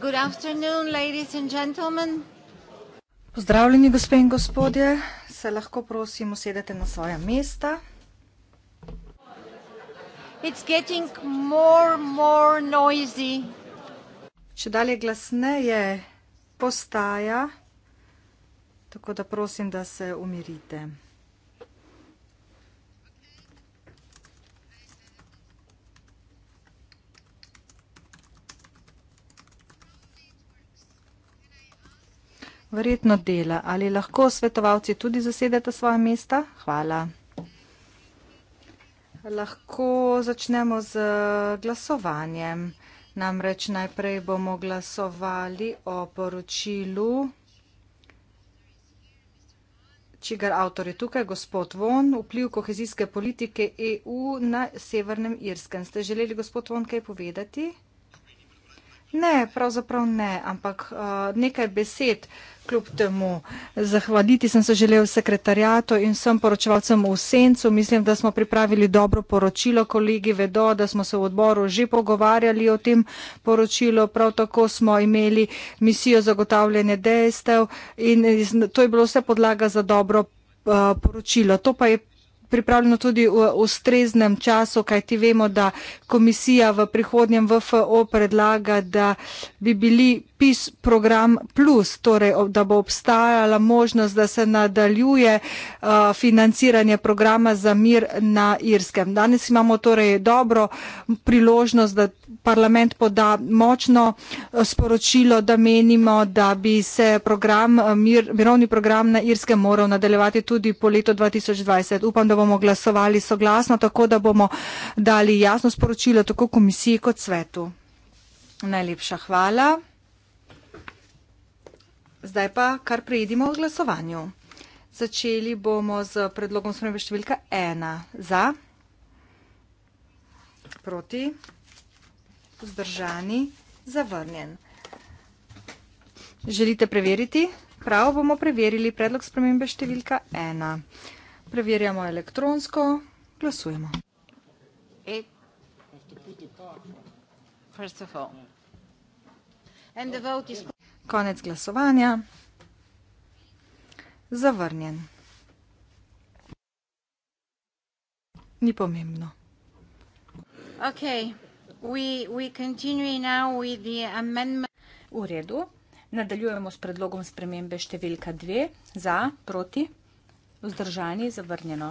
Good afternoon, ladies and gentlemen. Pozdravljeni, gospe in gospodje, se lahko prosim usedete na svoja mesta. It's getting more, more noisy. Če dalje glasneje postaja, tako da prosim, da se umirite. verjetno dela. Ali lahko svetovalci tudi zasedete svoje mesta? Hvala. Lahko začnemo z glasovanjem. Namreč najprej bomo glasovali o poročilu, čigar avtor je tukaj, gospod Von, vpliv kohezijske politike EU na Severnem Irskem. Ste želeli, gospod Von, kaj povedati? Ne, pravzaprav ne, ampak uh, nekaj besed. Kljub temu zahvaliti sem se želel sekretarjato in vsem poročevalcem v sencu. Mislim, da smo pripravili dobro poročilo. Kolegi vedo, da smo se v odboru že pogovarjali o tem poročilu. Prav tako smo imeli misijo zagotavljanje dejstev in to je bilo vse podlaga za dobro uh, poročilo. To pa je pripravljeno tudi v ustreznem času, kajti vemo, da komisija v prihodnjem VFO predlaga, da bi bili razpis program plus, torej da bo obstajala možnost, da se nadaljuje uh, financiranje programa za mir na Irskem. Danes imamo torej dobro priložnost, da parlament poda močno uh, sporočilo, da menimo, da bi se program, uh, mir, mirovni program na Irskem moral nadaljevati tudi po letu 2020. Upam, da bomo glasovali soglasno, tako da bomo dali jasno sporočilo tako komisiji kot svetu. Najlepša hvala. Zdaj pa kar prejedimo v glasovanju. Začeli bomo z predlogom spremembe številka 1. Za, proti, vzdržani, zavrnjen. Želite preveriti? Prav bomo preverili predlog spremembe številka 1. Preverjamo elektronsko, glasujemo. E. First of all. And the vote is Konec glasovanja. Zavrnjen. Ni pomembno. V redu. Nadaljujemo s predlogom spremembe številka 2 za, proti, vzdržani, zavrnjeno.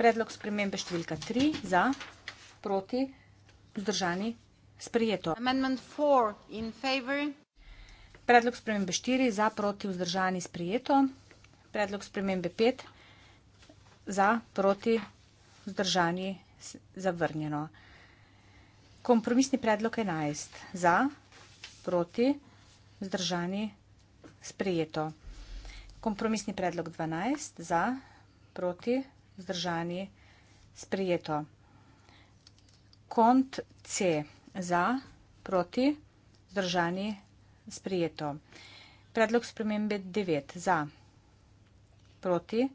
Predlog spremembe številka 3 za, proti, vzdržani, sprijeto. Amendment 4 in favor. Predlog spremembe 4 za proti vzdržani sprijeto. Predlog spremembe 5 za proti vzdržani zavrnjeno. Kompromisni predlog 11 za proti vzdržani sprijeto. Kompromisni predlog 12 za proti vzdržani sprijeto. Kont C za proti vzdržani sprijeto sprijeto. Predlog spremembe 9 za, proti,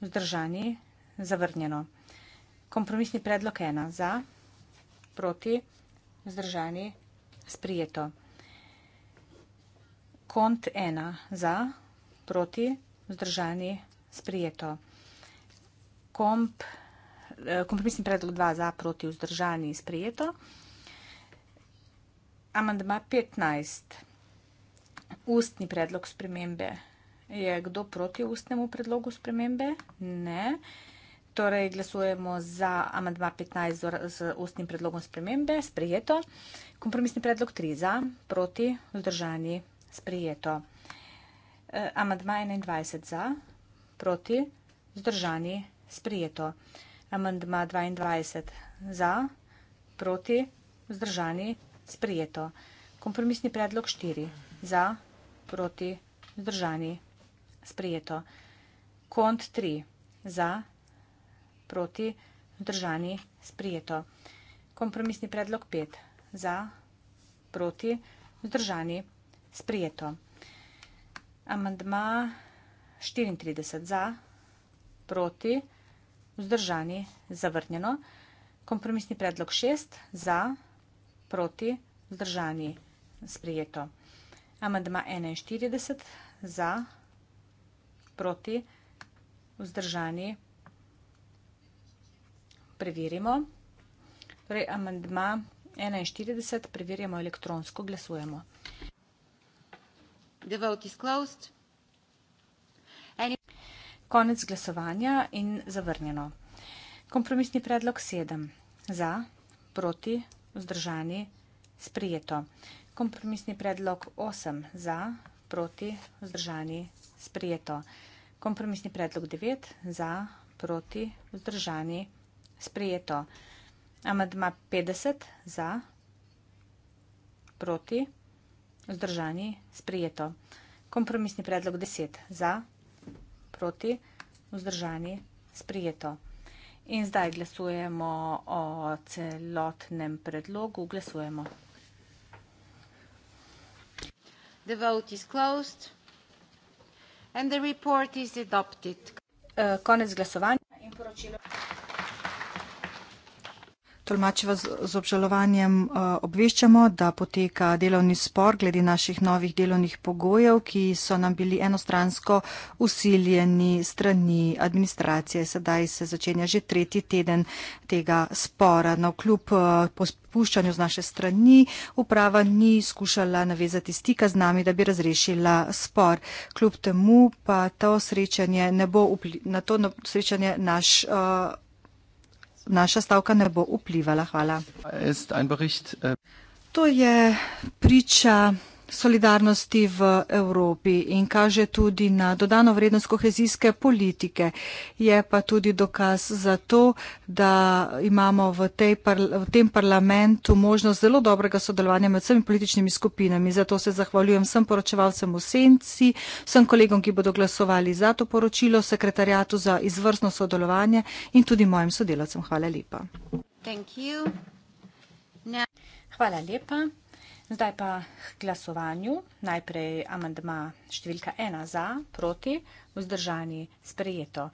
vzdržani, zavrnjeno. Kompromisni predlog 1 za, proti, vzdržani, sprijeto. Kont 1 za, proti, vzdržani, sprijeto. Komp, eh, kompromisni predlog 2 za, proti, vzdržani, sprijeto. Amandma 15. 15 ustni predlog spremembe. Je kdo proti ustnemu predlogu spremembe? Ne. Torej, glasujemo za amadma 15 z ustnim predlogom spremembe, sprejeto. Kompromisni predlog 3 za, proti, vzdržani, sprejeto. E, amadma 21 za, proti, vzdržani, sprejeto. Amadma 22 za, proti, vzdržani, sprejeto. Kompromisni predlog 4 za, proti vzdržani. Sprejeto. Kont 3. Za, proti vzdržani. Sprejeto. Kompromisni predlog 5. Za, proti vzdržani. Sprejeto. Amandma 34. Za, proti vzdržani. Zavrnjeno. Kompromisni predlog 6. Za, proti vzdržani. Sprejeto. Amandma 41 za, proti, vzdržani. Preverimo. Torej, amandma 41, preverjamo elektronsko, glasujemo. The vote is closed. Any... Konec glasovanja in zavrnjeno. Kompromisni predlog 7. Za, proti, vzdržani, sprijeto. Kompromisni predlog 8 za, proti, vzdržani, sprijeto. Kompromisni predlog 9 za, proti, vzdržani, sprijeto. Amadma 50 za, proti, vzdržani, sprijeto. Kompromisni predlog 10 za, proti, vzdržani, sprijeto. In zdaj glasujemo o celotnem predlogu. Glasujemo. The vote is closed and the report is adopted. Eh, konec glasovanja in poročilo. Tolmačeva z obžalovanjem eh, obveščamo, da poteka delovni spor glede naših novih delovnih pogojev, ki so nam bili enostransko usiljeni strani administracije. Sedaj se začenja že tretji teden tega spora. Na no, vkljub eh, pospuščanju z naše strani uprava ni skušala navezati stika z nami, da bi razrešila spor. Kljub temu pa to srečanje ne bo vpli, na to srečanje naš. Uh, naša stavka ne bo vplivala. Hvala. Äh to je priča solidarnosti v Evropi in kaže tudi na dodano vrednost kohezijske politike. Je pa tudi dokaz za to, da imamo v, tej, v tem parlamentu možnost zelo dobrega sodelovanja med vsemi političnimi skupinami. Zato se zahvaljujem vsem poročevalcem v Senci, vsem kolegom, ki bodo glasovali za to poročilo, sekretarjatu za izvrstno sodelovanje in tudi mojim sodelavcem. Hvala lepa. Hvala lepa. Zdaj pa k glasovanju. Najprej amandma številka ena za, proti, vzdržani sprejeto.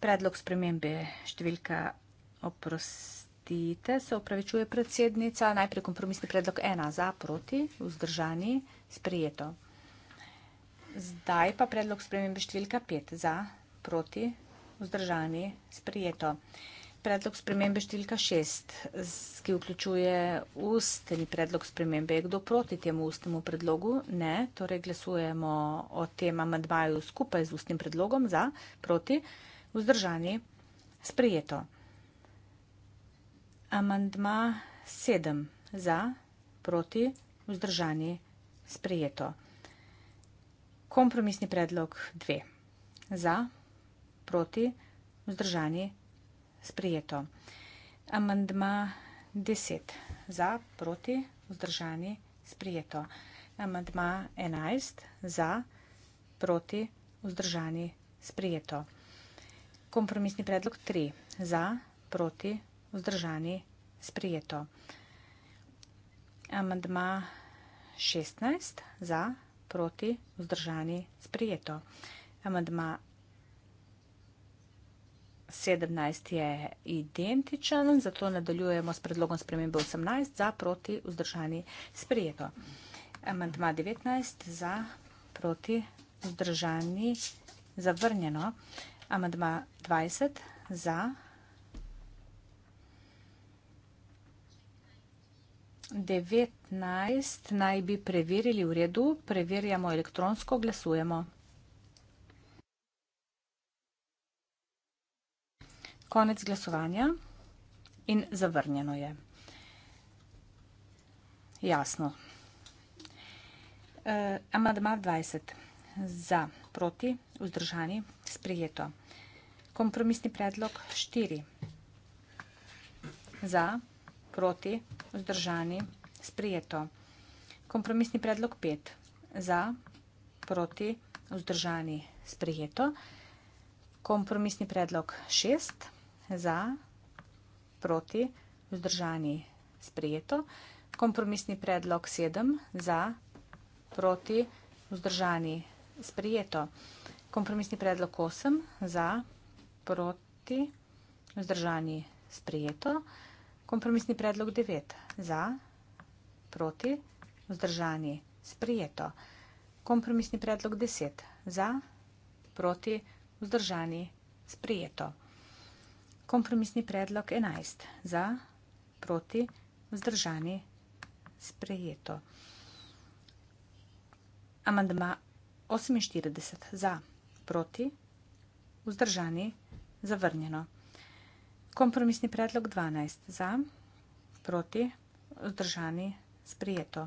Predlog spremembe številka oprostite, se upravičuje predsednica. Najprej kompromisni predlog ena za, proti, vzdržani sprejeto. Zdaj pa predlog spremembe številka pet za, proti, vzdržani sprejeto predlog spremembe številka šest, ki vključuje ustni predlog spremembe. Je kdo proti temu ustnemu predlogu? Ne. Torej glasujemo o tem amadvaju skupaj z ustnim predlogom za, proti, vzdržani, sprejeto. Amandma sedem za, proti, vzdržani, sprejeto. Kompromisni predlog dve za, proti, vzdržani, sprejeto sprejeto. Amandma 10 za, proti, vzdržani, sprejeto. Amandma 11 za, proti, vzdržani, sprejeto. Kompromisni predlog 3 za, proti, vzdržani, sprejeto. Amandma 16 za, proti, vzdržani, sprejeto. Amandma 17 je identičen, zato nadaljujemo s predlogom spremembe 18 za proti vzdržani sprejeto. Amantma 19 za proti vzdržani zavrnjeno. Amantma 20 za devetnaest naj bi preverili v redu, preverjamo elektronsko, glasujemo. konec glasovanja in zavrnjeno je. Jasno. Uh, e, amadma 20. Za, proti, vzdržani, sprejeto. Kompromisni predlog 4. Za, proti, vzdržani, sprejeto. Kompromisni predlog 5. Za, proti, vzdržani, sprejeto. Kompromisni predlog 6 za, proti, vzdržani, sprejeto. Kompromisni predlog sedem za, proti, vzdržani, sprejeto. Kompromisni predlog osem za, proti, vzdržani, sprejeto. Kompromisni predlog devet za, proti, vzdržani, sprejeto. Kompromisni predlog deset za, proti, vzdržani, sprejeto. Kompromisni predlog 11. Za, proti, vzdržani, sprejeto. Amandma 48. Za, proti, vzdržani, zavrnjeno. Kompromisni predlog 12. Za, proti, vzdržani, sprejeto.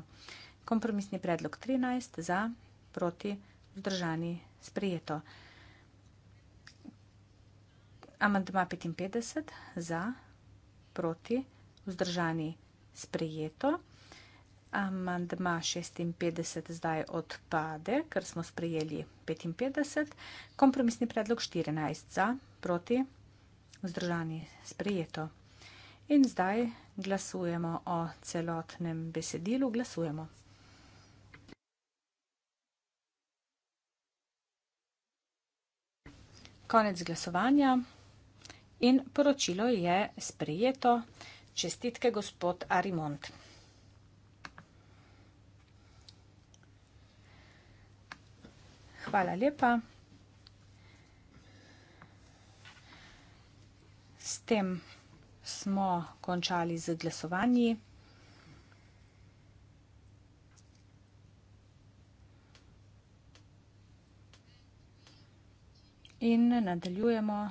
Kompromisni predlog 13. Za, proti, vzdržani, sprejeto. Sprejeto. Amandma 55 za, proti, vzdržani sprejeto. Amandma 56 zdaj odpade, ker smo sprejeli 55. Kompromisni predlog 14 za, proti, vzdržani sprejeto. In zdaj glasujemo o celotnem besedilu. Glasujemo. Konec glasovanja in poročilo je sprejeto. Čestitke, gospod Arimont. Hvala lepa. S tem smo končali z glasovanji. In nadaljujemo.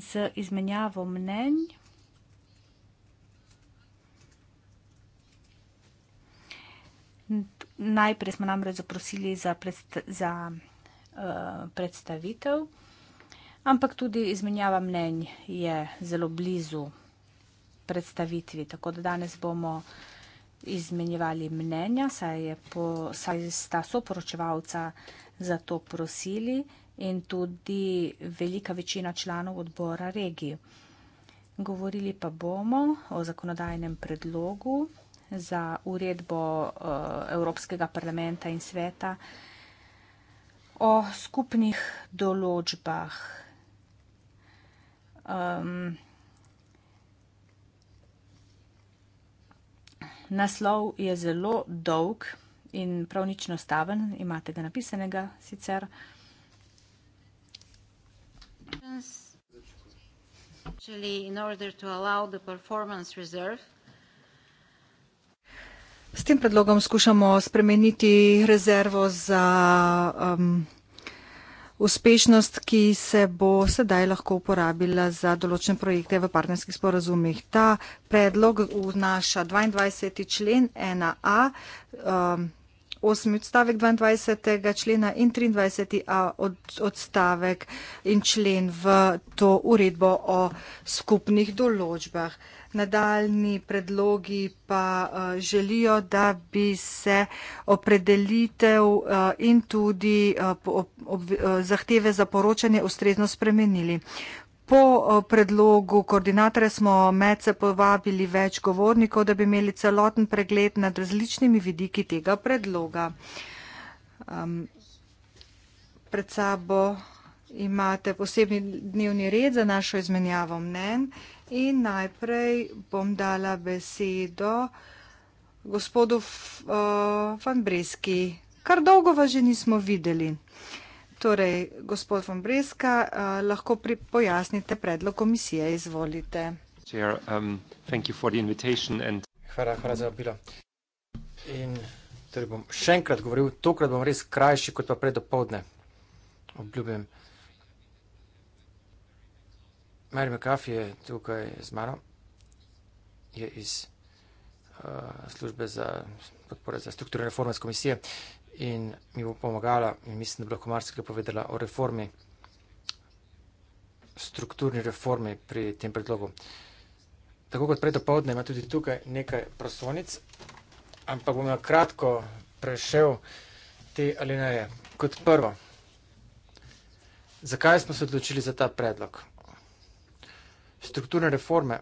z izmenjavo mnenj. Najprej smo namreč zaprosili za, predst za uh, predstavitev, ampak tudi izmenjava mnenj je zelo blizu predstavitvi, tako da danes bomo izmenjevali mnenja, saj, je po, saj sta soporočevalca za to prosili in tudi velika večina članov odbora regij. Govorili pa bomo o zakonodajnem predlogu za uredbo eh, Evropskega parlamenta in sveta o skupnih določbah. Um, naslov je zelo dolg in prav nič nastaven, imate ga napisanega sicer provisions, actually, in order to allow the performance reserve. S tem predlogom skušamo spremeniti rezervo za um, uspešnost, ki se bo sedaj lahko uporabila za določene projekte v partnerskih sporazumih. Ta predlog vnaša 22. člen 1a. Um, 8. odstavek 22. člena in 23. odstavek in člen v to uredbo o skupnih določbah. Nadaljni predlogi pa uh, želijo, da bi se opredelitev uh, in tudi uh, ob, ob, uh, zahteve za poročanje ustrezno spremenili. Po predlogu koordinatorja smo med se povabili več govornikov, da bi imeli celoten pregled nad različnimi vidiki tega predloga. Um, pred sabo imate posebni dnevni red za našo izmenjavo mnen in najprej bom dala besedo gospodu F uh, Van Breski. Kar dolgo vas že nismo videli. Uh, Torej, gospod von Breska, uh, lahko pri pojasnite predlog komisije, izvolite. Chair, um, and... Hvala, hvala za obilo. In torej bom še enkrat govoril, tokrat bom res krajši kot pa predopovdne. Obljubim. Mary McAfee je tukaj z mano, je iz uh, službe za podpore za strukturne reforme z komisije in mi bo pomagala in mislim, da bo lahko marsikaj povedala o reformi, strukturni reformi pri tem predlogu. Tako kot prej do povdne ima tudi tukaj nekaj prosonic, ampak bom na kratko prešel te alineje. Kot prvo, zakaj smo se odločili za ta predlog? Strukturne reforme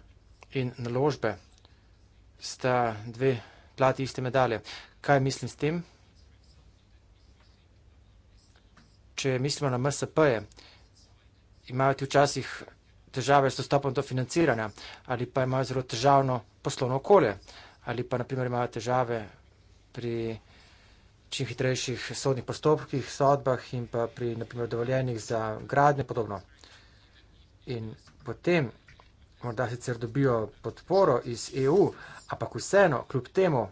in naložbe sta dve plati iste medalje. Kaj mislim s tem? če mislimo na MSP-je, imajo ti včasih težave s dostopom do financiranja ali pa imajo zelo težavno poslovno okolje ali pa naprimer imajo težave pri čim hitrejših sodnih postopkih, sodbah in pa pri naprimer dovoljenih za gradnje in podobno. In potem morda sicer dobijo podporo iz EU, ampak vseeno, kljub temu,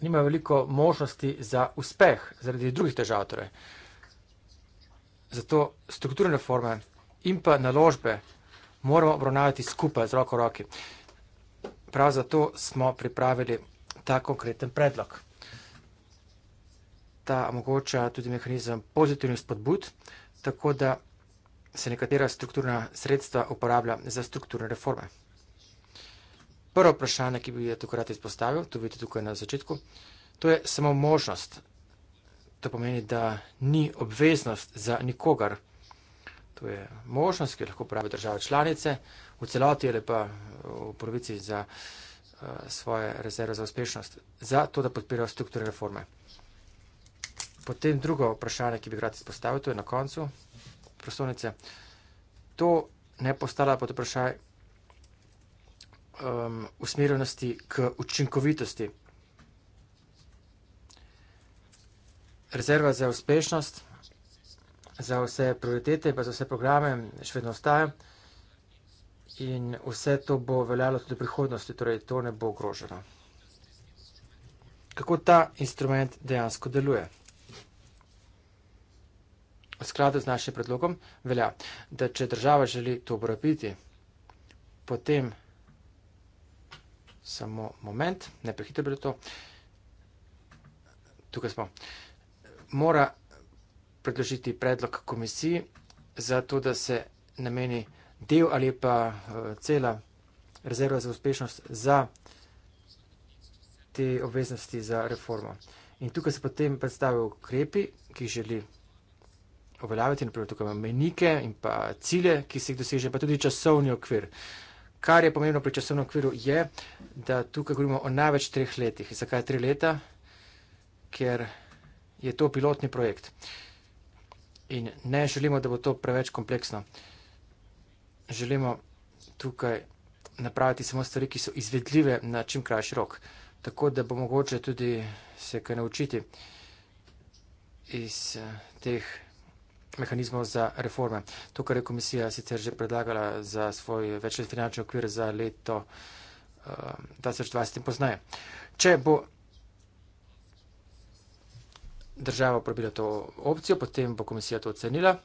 nimajo veliko možnosti za uspeh zaradi drugih težav. Torej. Zato strukturne forme in pa naložbe moramo obravnavati skupaj z roko v roki. Prav zato smo pripravili ta konkreten predlog. Ta omogoča tudi mehanizem pozitivnih spodbud, tako da se nekatera strukturna sredstva uporablja za strukturne reforme. Prvo vprašanje, ki bi jo tukaj rad izpostavil, to vidite tukaj na začetku, to je samo možnost To pomeni, da ni obveznost za nikogar. To je možnost, ki jo lahko pravi država članice, v celoti ali pa v polovici za eh, svoje rezerve za uspešnost, za to, da podpirajo strukture reforme. Potem drugo vprašanje, ki bi rad izpostavil, to je na koncu prostornice. To ne postala pod vprašaj um, usmerjenosti k učinkovitosti. rezerva za uspešnost, za vse prioritete, pa za vse programe še vedno ostaja. In vse to bo veljalo tudi v prihodnosti, torej to ne bo ogroženo. Kako ta instrument dejansko deluje? V skladu z našim predlogom velja, da če država želi to uporabiti, potem samo moment, ne prehitro bi to. Tukaj smo. Uh, mora predložiti predlog komisiji za to, da se nameni del ali pa eh, cela rezerva za uspešnost za te obveznosti za reformo. In tukaj se potem predstavijo ukrepi, ki želi uveljaviti, naprimer tukaj menike in pa cilje, ki se jih doseže, pa tudi časovni okvir. Kar je pomembno pri časovnem okviru je, da tukaj govorimo o največ treh letih. Zakaj tri leta? Ker je to pilotni projekt. In ne želimo, da bo to preveč kompleksno. Želimo tukaj napraviti samo stvari, ki so izvedljive na čim krajši rok, tako da bo mogoče tudi se kaj naučiti iz eh, teh mehanizmov za reforme. To, kar je komisija sicer že predlagala za svoj večletni finančni okvir za leto 2020 eh, in poznaje. Če bo država uporabila to opcijo, potem bo komisija to ocenila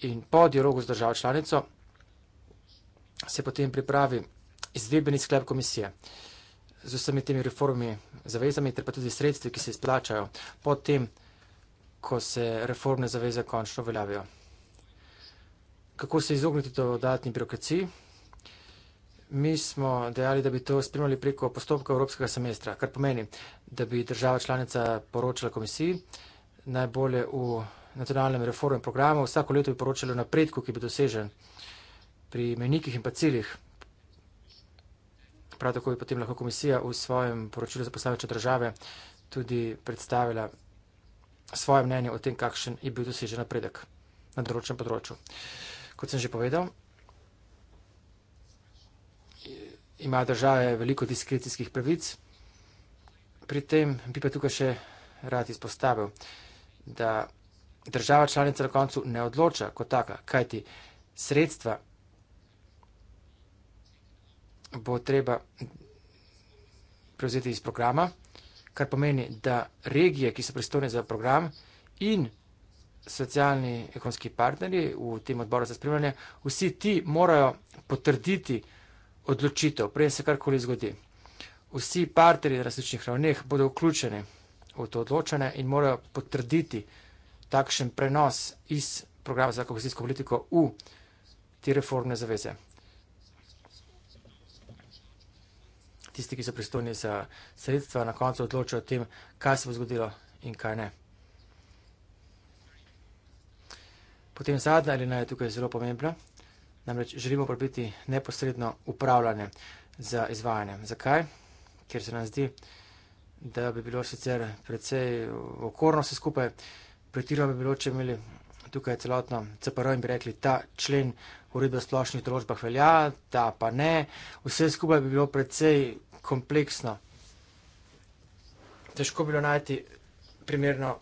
in po dialogu z državo članico se potem pripravi izvedbeni sklep komisije z vsemi temi reformi, zavezami ter pa tudi sredstvi, ki se izplačajo po tem, ko se reformne zaveze končno veljavijo. Kako se izogniti dodatni birokraciji? Mi smo dejali, da bi to spremljali preko postopka Evropskega semestra, kar pomeni, da bi država članica poročala komisiji najbolje v nacionalnem reformnem programu, vsako leto bi poročala napredku, ki bi dosežen pri menikih in pa ciljih. Prav tako bi potem lahko komisija v svojem poročilu za poslavljače države tudi predstavila svoje mnenje o tem, kakšen je bil dosežen napredek na določenem področju. Kot sem že povedal, imajo države veliko diskrecijskih pravic. Pri tem bi pa tukaj še rad izpostavil, da država članica na koncu ne odloča kot taka, kajti sredstva bo treba prevzeti iz programa, kar pomeni, da regije, ki so pristojne za program in socialni ekonski partnerji v tem odboru za spremljanje, vsi ti morajo potrditi, odločitev, prej se karkoli zgodi. Vsi partnerji na različnih ravneh bodo vključeni v to odločanje in morajo potrditi takšen prenos iz programa za kohezijsko politiko v te reformne zaveze. Tisti, ki so pristojni za sredstva, na koncu odločajo o tem, kaj se bo zgodilo in kaj ne. Potem zadnja ali naj je tukaj zelo pomembna. Namreč želimo prebiti neposredno upravljanje z izvajanjem. Zakaj? Ker se nam zdi, da bi bilo sicer precej okorno vse skupaj, pretirano bi bilo, če imeli tukaj celotno CPR in bi rekli, ta člen uredbe o splošnih določbah velja, ta pa ne. Vse skupaj bi bilo precej kompleksno. Težko bi bilo najti primerno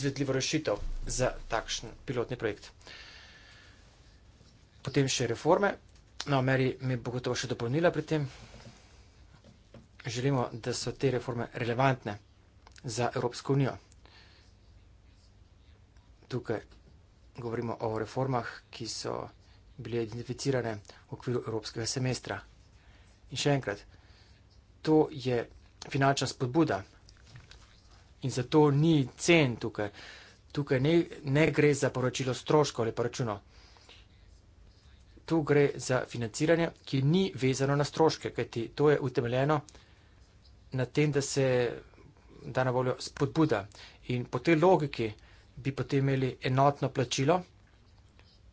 izvedljivo rešitev za takšen pilotni projekt potem še reforme. No, Meri mi bo gotovo še dopolnila pri tem. Želimo, da so te reforme relevantne za Evropsko unijo. Tukaj govorimo o reformah, ki so bile identificirane v okviru Evropskega semestra. In še enkrat, to je finančna spodbuda in zato ni cen tukaj. Tukaj ne, ne gre za poročilo stroškov ali pa računov tu gre za financiranje, ki ni vezano na stroške, kajti to je utemeljeno na tem, da se da na voljo spodbuda. In po tej logiki bi potem imeli enotno plačilo,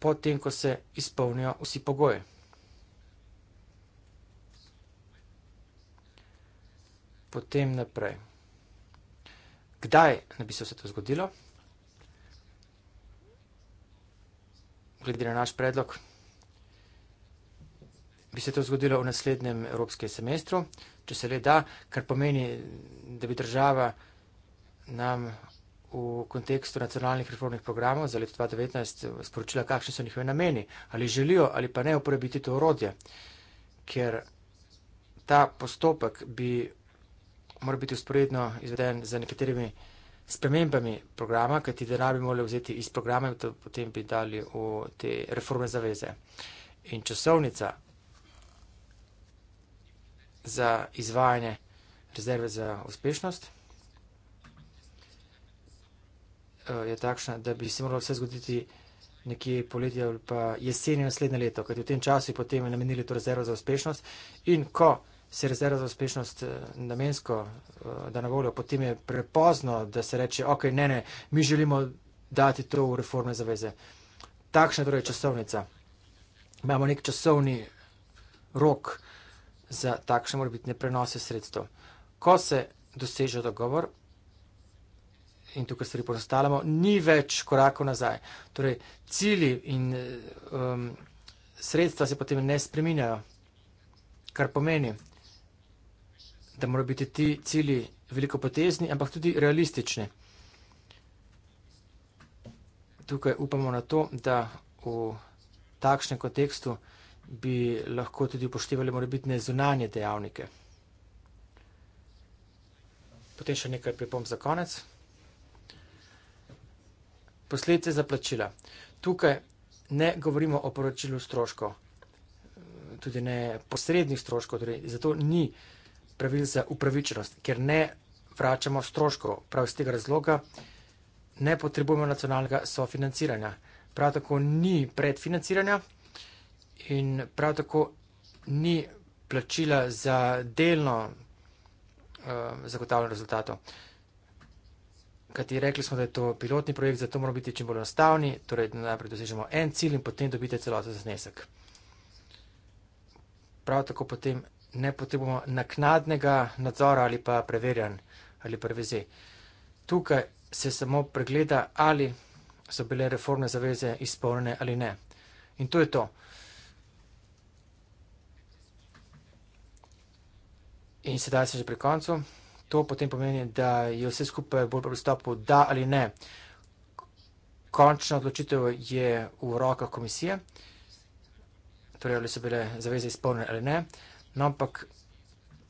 potem, ko se izpolnijo vsi pogoji. Potem naprej. Kdaj ne bi se vse to zgodilo? Glede na naš predlog, bi se to zgodilo v naslednjem evropskem semestru, če se le da, kar pomeni, da bi država nam v kontekstu nacionalnih reformnih programov za leto 2019 sporočila, kakšni so njihovi nameni, ali želijo ali pa ne uporabiti to orodje, ker ta postopek bi mora biti usporedno izveden za nekaterimi spremembami programa, kajti denar bi morali vzeti iz programa in to potem bi dali v te reformne zaveze. In časovnica za izvajanje rezerve za uspešnost eh, je takšna, da bi se moralo vse zgoditi nekje poletje ali pa jeseni naslednje leto, kajti v tem času je potem namenili to rezervo za uspešnost in ko se rezerva za uspešnost eh, namensko eh, da na voljo, potem je prepozno, da se reče, ok, ne, ne, mi želimo dati to v reformne zaveze. Takšna torej časovnica. Imamo nek časovni rok, za takšne morbitne prenose sredstev. Ko se doseže dogovor in tukaj stvari ponostalamo, ni več korakov nazaj. Torej, cili in um, sredstva se potem ne spreminjajo, kar pomeni, da morajo biti ti cili velikopotezni, ampak tudi realistični. Tukaj upamo na to, da v takšnem kontekstu bi lahko tudi upoštevali morebitne zunanje dejavnike. Potem še nekaj pripomb za konec. Posledice za plačila. Tukaj ne govorimo o poročilu stroškov, tudi ne posrednih stroškov, torej zato ni pravil za upravičenost, ker ne vračamo stroškov. Prav iz tega razloga ne potrebujemo nacionalnega sofinanciranja. Prav tako ni predfinanciranja in prav tako ni plačila za delno um, zagotavljanje rezultatov. Kaj ti rekli smo, da je to pilotni projekt, zato moramo biti čim bolj enostavni, torej da najprej dosežemo en cilj in potem dobite celoten znesek. Prav tako potem ne potrebujemo naknadnega nadzora ali pa preverjan ali prevezi. Tukaj se samo pregleda, ali so bile reformne zaveze izpolnjene ali ne. In to je to. In sedaj se že pri koncu. To potem pomeni, da je vse skupaj bolj pri pristopu, da ali ne. Končna odločitev je v rokah komisije, torej ali so bile zaveze izpolnjene ali ne. No, ampak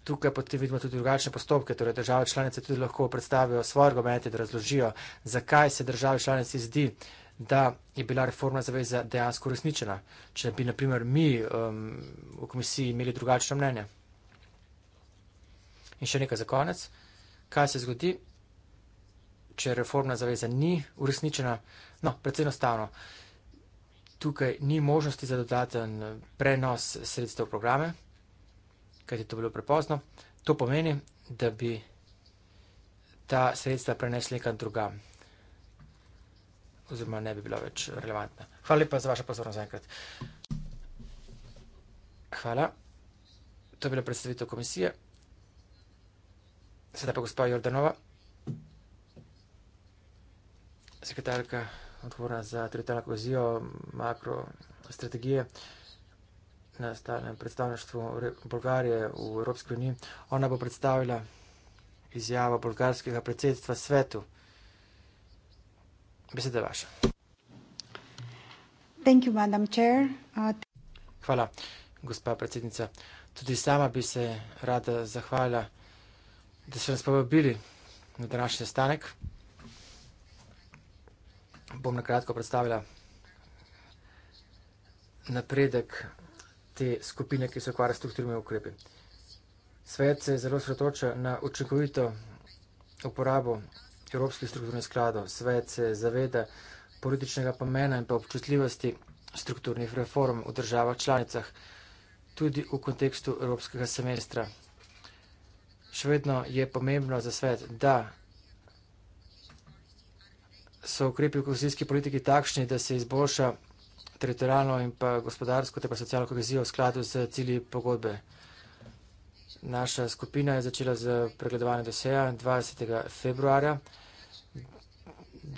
tukaj potem vidimo tudi drugačne postopke, torej države članice tudi lahko predstavijo svoje argumente, da razložijo, zakaj se države članice zdi, da je bila reformna zaveza dejansko uresničena, če bi, naprimer, mi um, v komisiji imeli drugačno mnenje. In še nekaj za konec. Kaj se zgodi, če reformna zaveza ni uresničena? No, predvsem enostavno. Tukaj ni možnosti za dodaten eh, prenos sredstev v programe, kaj je to bilo prepozno. To pomeni, da bi ta sredstva prenesli nekam drugam. Oziroma, ne bi bila več relevantna. Hvala lepa za vašo pozornost zaenkrat. Hvala. To je bila predstavitev komisije. Sedaj pa gospa Jordanova, sekretarka odgovora za teritorijalno kohezijo, makro strategije na stalnem predstavništvu Bolgarije v Evropski uniji. Ona bo predstavila izjavo bolgarskega predsedstva svetu. Beseda vaša. Thank you, madam chair. Uh, Hvala, gospa predsednica. Tudi sama bi se rada zahvalila da so nas povabili na današnji sestanek. Bom na kratko predstavila napredek te skupine, ki se ukvarja s strukturnimi ukrepi. Svet se zelo sretoča na učinkovito uporabo Evropskih strukturnih skladov. Svet se zaveda političnega pomena in pa občutljivosti strukturnih reform v državah članicah, tudi v kontekstu Evropskega semestra še vedno je pomembno za svet, da so ukrepi v kohezijski politiki takšni, da se izboljša teritorijalno in pa gospodarsko ter pa socialno kohezijo v skladu z cilji pogodbe. Naša skupina je začela z pregledovanjem doseja 20. februarja.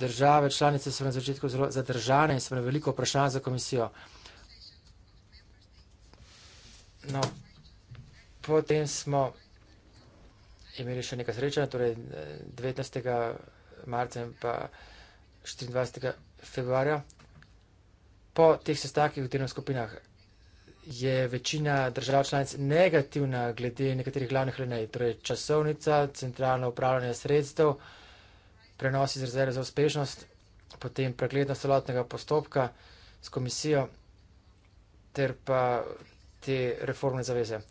Države članice so na začetku zelo zadržane in so na veliko vprašanje za komisijo. No, potem smo imeli še nekaj sreče, torej 19. Eh, marca in pa 24. februarja. Po teh sestankih v delovnih skupinah je večina držav članic negativna glede nekaterih glavnih linij, torej časovnica, centralno upravljanje sredstev, prenos iz rezerve za uspešnost, potem preglednost celotnega postopka s komisijo ter pa te reformne zaveze. Uh,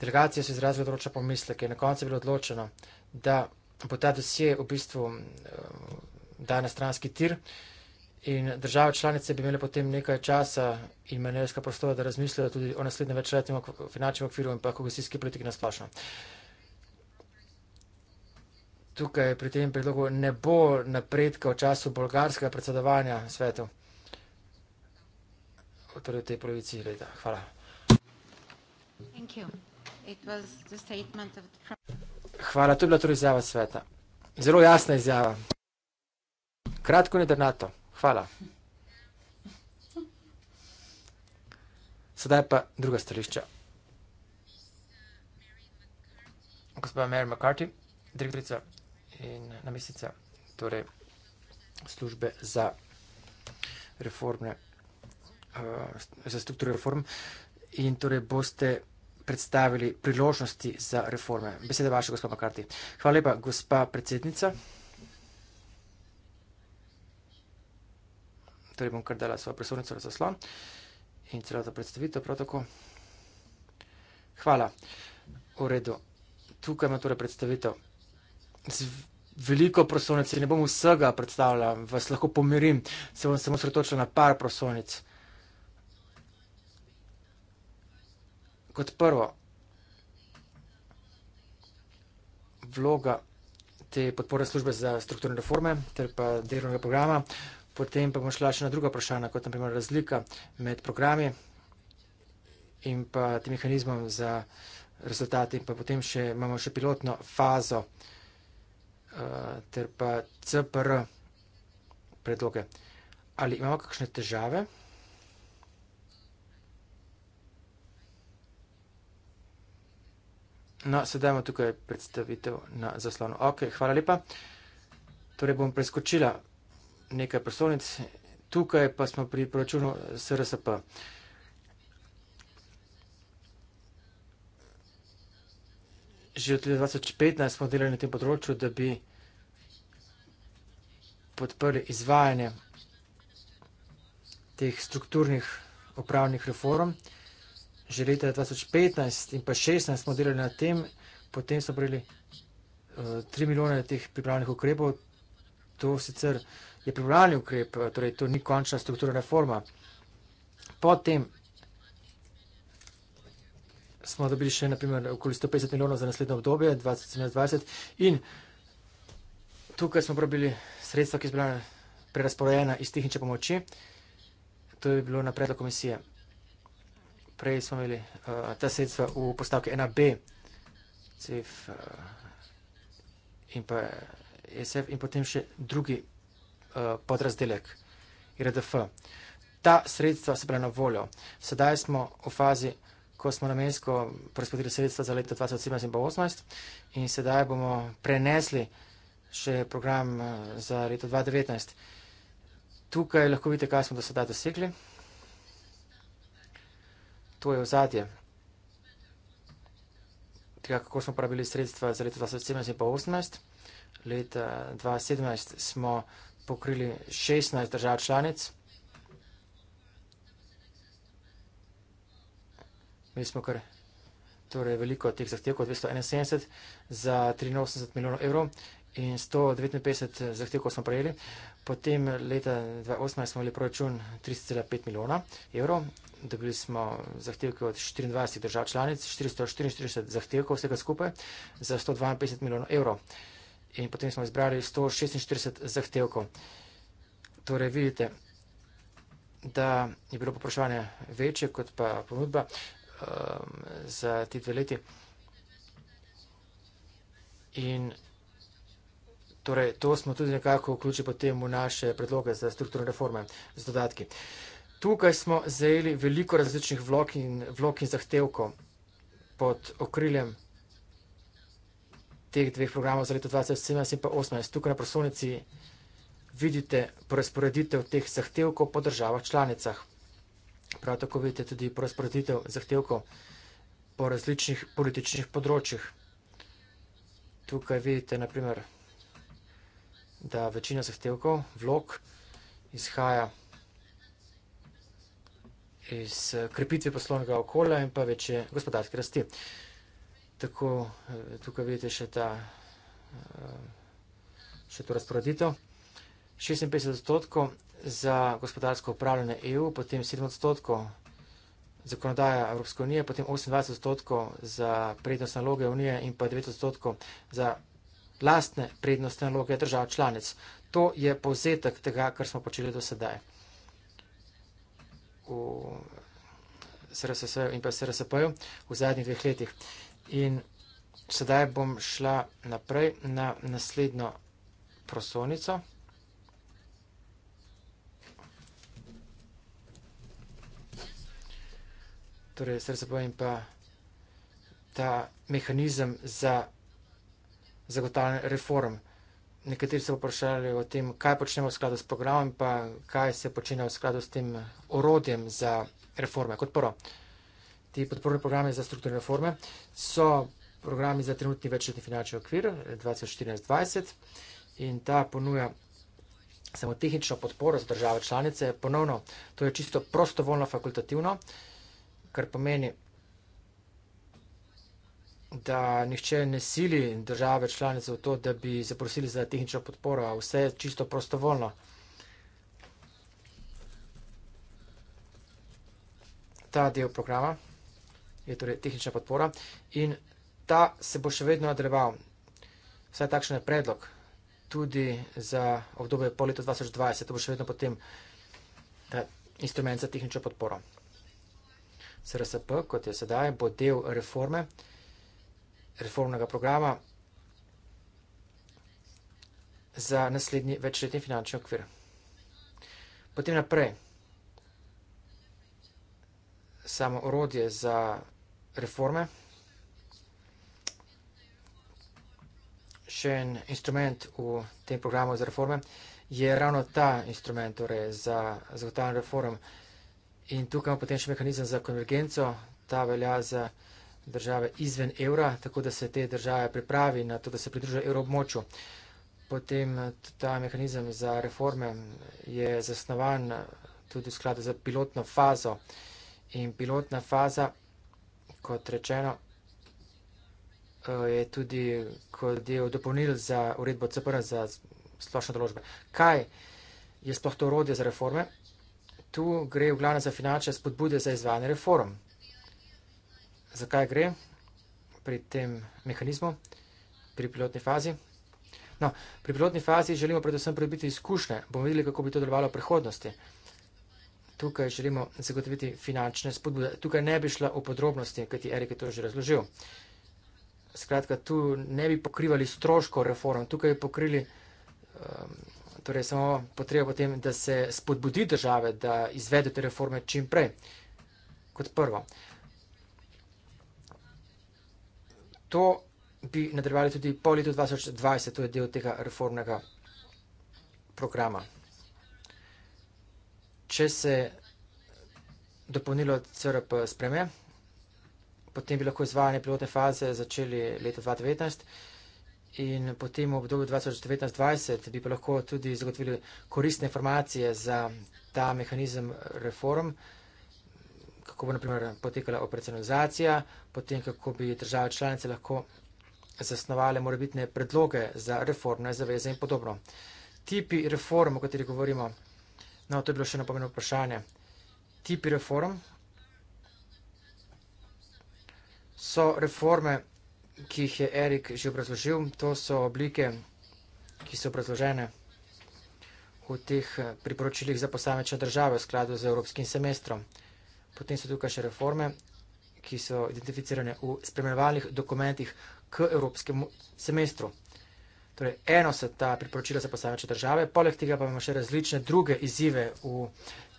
Delegacije so izrazile odločene pomisleke in na koncu je bilo odločeno, da bo ta dosje v bistvu eh, dan na stranski tir in države članice bi imele potem nekaj časa in manevrska prostora, da razmislijo tudi o naslednjem večletnem finančnem okviru in pa kogosijski politiki na splošno. Tukaj pri tem predlogu ne bo napredka v času bolgarskega predsedovanja svetu. Torej v tej polovici leta. Hvala. Thank you. Hvala, to je bila torej izjava sveta. Zelo jasna izjava. Kratko in jedrnato. Hvala. Sedaj pa druga stališča. Gospa Mary McCarthy, direktorica in namestnica torej službe za reforme, uh, eh, za strukturo reform in torej boste predstavili priložnosti za reforme. Beseda vaša, gospod Makarti. Hvala lepa, gospa predsednica. Torej bom kar dala svojo presunico na zaslon in celoto predstavitev prav tako. Hvala. V redu. Tukaj ima torej predstavitev. Veliko prosovnic, ne bom vsega predstavljala, vas lahko pomirim, se bom samo sretočila na par prosovnic. Kot prvo, vloga te podpore službe za strukturne reforme ter pa delovnega programa, potem pa bomo šla še na druga vprašanja, kot naprimer razlika med programi in pa tem mehanizmom za rezultate in pa potem še imamo še pilotno fazo uh, ter pa CPR predloge. Ali imamo kakšne težave? No, sedaj imamo tukaj predstavitev na zaslonu. Ok, hvala lepa. Torej bom preskočila nekaj prosovnic, tukaj pa smo pri proračunu SRSP. Že od 2015 smo delali na tem področju, da bi podprli izvajanje teh strukturnih upravnih reform že leta 2015 in pa 2016 smo delali na tem, potem so prejeli uh, eh, 3 milijone teh pripravljenih ukrepov. To sicer je pripravljeni ukrep, eh, torej to ni končna struktura reforma. Potem smo dobili še naprimer okoli 150 milijonov za naslednjo obdobje 2020 in tukaj smo probili sredstva, ki so bila prerasporojena iz tehnične pomoči. To je bilo na predlog komisije prej smo imeli uh, ta sredstva v postavki 1B, CF uh, eh, in pa e SF in potem še drugi uh, podrazdelek, IRDF. Ta sredstva so bile na voljo. Sedaj smo v fazi, ko smo namensko prespodili sredstva za leto 2017 in 2018 in sedaj bomo prenesli še program za leto 2019. Tukaj lahko vidite, kaj smo do sedaj dosegli to je ozadje. Tega, kako smo uporabili sredstva za leto 2017 in 2018. Leta 2017 smo pokrili 16 držav članic. Mi smo kar torej, veliko teh zahtevkov, 271 za 83 milijonov evrov in 159 zahtevkov smo prejeli. Potem leta 2018 smo imeli proračun 3,5 milijona evrov dobili smo zahtevke od 24 držav članic, 444 zahtevkov vsega skupaj za 152 milijonov evrov. In potem smo izbrali 146 zahtevkov. Torej vidite, da je bilo poprašanje večje kot pa ponudba um, za ti dve leti. In torej, to smo tudi nekako vključili potem v naše predloge za strukturne reforme z dodatki. Uh, Tukaj smo zajeli veliko različnih vlog in, vlog in zahtevkov pod okriljem teh dveh programov za leto 2017 in pa 2018. Tukaj na prosovnici vidite porazporeditev teh zahtevkov po državah članicah. Prav tako vidite tudi porazporeditev zahtevkov po različnih političnih področjih. Tukaj vidite naprimer, da večina zahtevkov, vlog, izhaja iz eh, krepitve poslovnega okolja in pa večje gospodarske rasti. Tako eh, tukaj vidite še, ta, eh, še to razporeditev. 56 odstotkov za gospodarsko upravljanje EU, potem 7 odstotkov zakonodaja Evropske unije, potem 28 odstotkov za prednostne naloge unije in pa 9 odstotkov za lastne prednostne naloge držav članic. To je povzetek tega, kar smo počeli do sedaj v SRSS-ju in pa SRSP-ju v zadnjih dveh letih. In sedaj bom šla naprej na naslednjo prosonico. Torej, SRSP in pa ta mehanizem za zagotavljanje reform. Nekateri so vprašali o tem, kaj počnemo v skladu s programom, pa kaj se počne v skladu s tem orodjem za reforme. Kot prvo, ti podporni programe za strukturne reforme so programi za trenutni večletni finančni okvir 2014-2020 eh, in ta ponuja samo tehnično podporo za države članice. Ponovno, to je čisto prostovoljno fakultativno, kar pomeni, da nihče ne sili države članice v to, da bi zaprosili za tehnično podporo, vse je čisto prostovoljno. Ta del programa je torej tehnična podpora in ta se bo še vedno nadaljeval. Vsaj takšen je predlog tudi za obdobje po letu 2020, to bo še vedno potem ta instrument za tehnično podporo. SRSP, kot je sedaj, bo del reforme reformnega programa za naslednji večletni finančni okvir. Potem naprej samo orodje za reforme, še en instrument v tem programu za reforme, je ravno ta instrument torej, za zagotavljanje reform. In tukaj imamo potem še mehanizem za konvergenco, ta velja za države izven evra, tako da se te države pripravi na to, da se pridružijo evroobmočju. Potem ta mehanizem za reforme je zasnovan tudi v skladu za pilotno fazo. In pilotna faza, kot rečeno, je tudi kot del dopolnil za uredbo CPR za splošne določbe. Kaj je sploh to urodje za reforme? Tu gre v glavno za finančne spodbude za izvajanje reform zakaj gre pri tem mehanizmu, pri pilotni fazi. No, pri pilotni fazi želimo predvsem pridobiti izkušnje, bomo videli, kako bi to delovalo v prihodnosti. Tukaj želimo zagotoviti finančne spodbude. Tukaj ne bi šla v podrobnosti, kajti Erik je to že razložil. Skratka, tu ne bi pokrivali stroško reform, tukaj bi pokrili um, torej samo potrebo potem, da se spodbudi države, da izvede te reforme čim prej. Kot prvo. To bi nadaljevali tudi po letu 2020, to je del tega reformnega programa. Če se dopolnilo CRP spreme, potem bi lahko izvajanje pilotne faze začeli leta 2019 in potem v obdobju 2019-2020 bi pa lahko tudi zagotovili koristne informacije za ta mehanizem reform kako bo naprimer potekala operacionalizacija, potem kako bi države članice lahko zasnovale morebitne predloge za reformne zaveze in podobno. Tipi reform, o katerih govorimo, no, to je bilo še eno pomembno vprašanje. Tipi reform so reforme, ki jih je Erik že obrazložil. To so oblike, ki so obrazložene v teh eh, priporočilih za posamečne države v skladu z evropskim semestrom. Potem so tukaj še reforme, ki so identificirane v spremljevalnih dokumentih k evropskemu semestru. Torej, eno se ta priporočila za posamečne države, poleg tega pa imamo še različne druge izzive v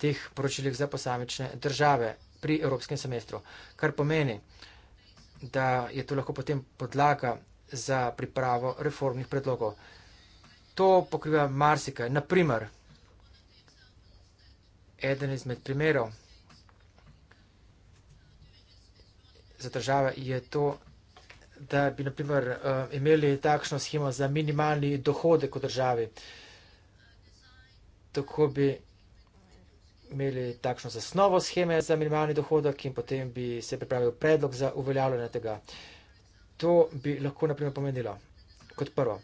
teh poročilih za posamečne države pri evropskem semestru, kar pomeni, da je to lahko potem podlaga za pripravo reformnih predlogov. To pokriva marsikaj. Naprimer, eden izmed primerov za države je to, da bi naprimer eh, imeli takšno schemo za minimalni dohodek v državi. Tako bi imeli takšno zasnovo scheme za minimalni dohodek in potem bi se pripravil predlog za uveljavljanje tega. To bi lahko naprimer pomenilo kot prvo.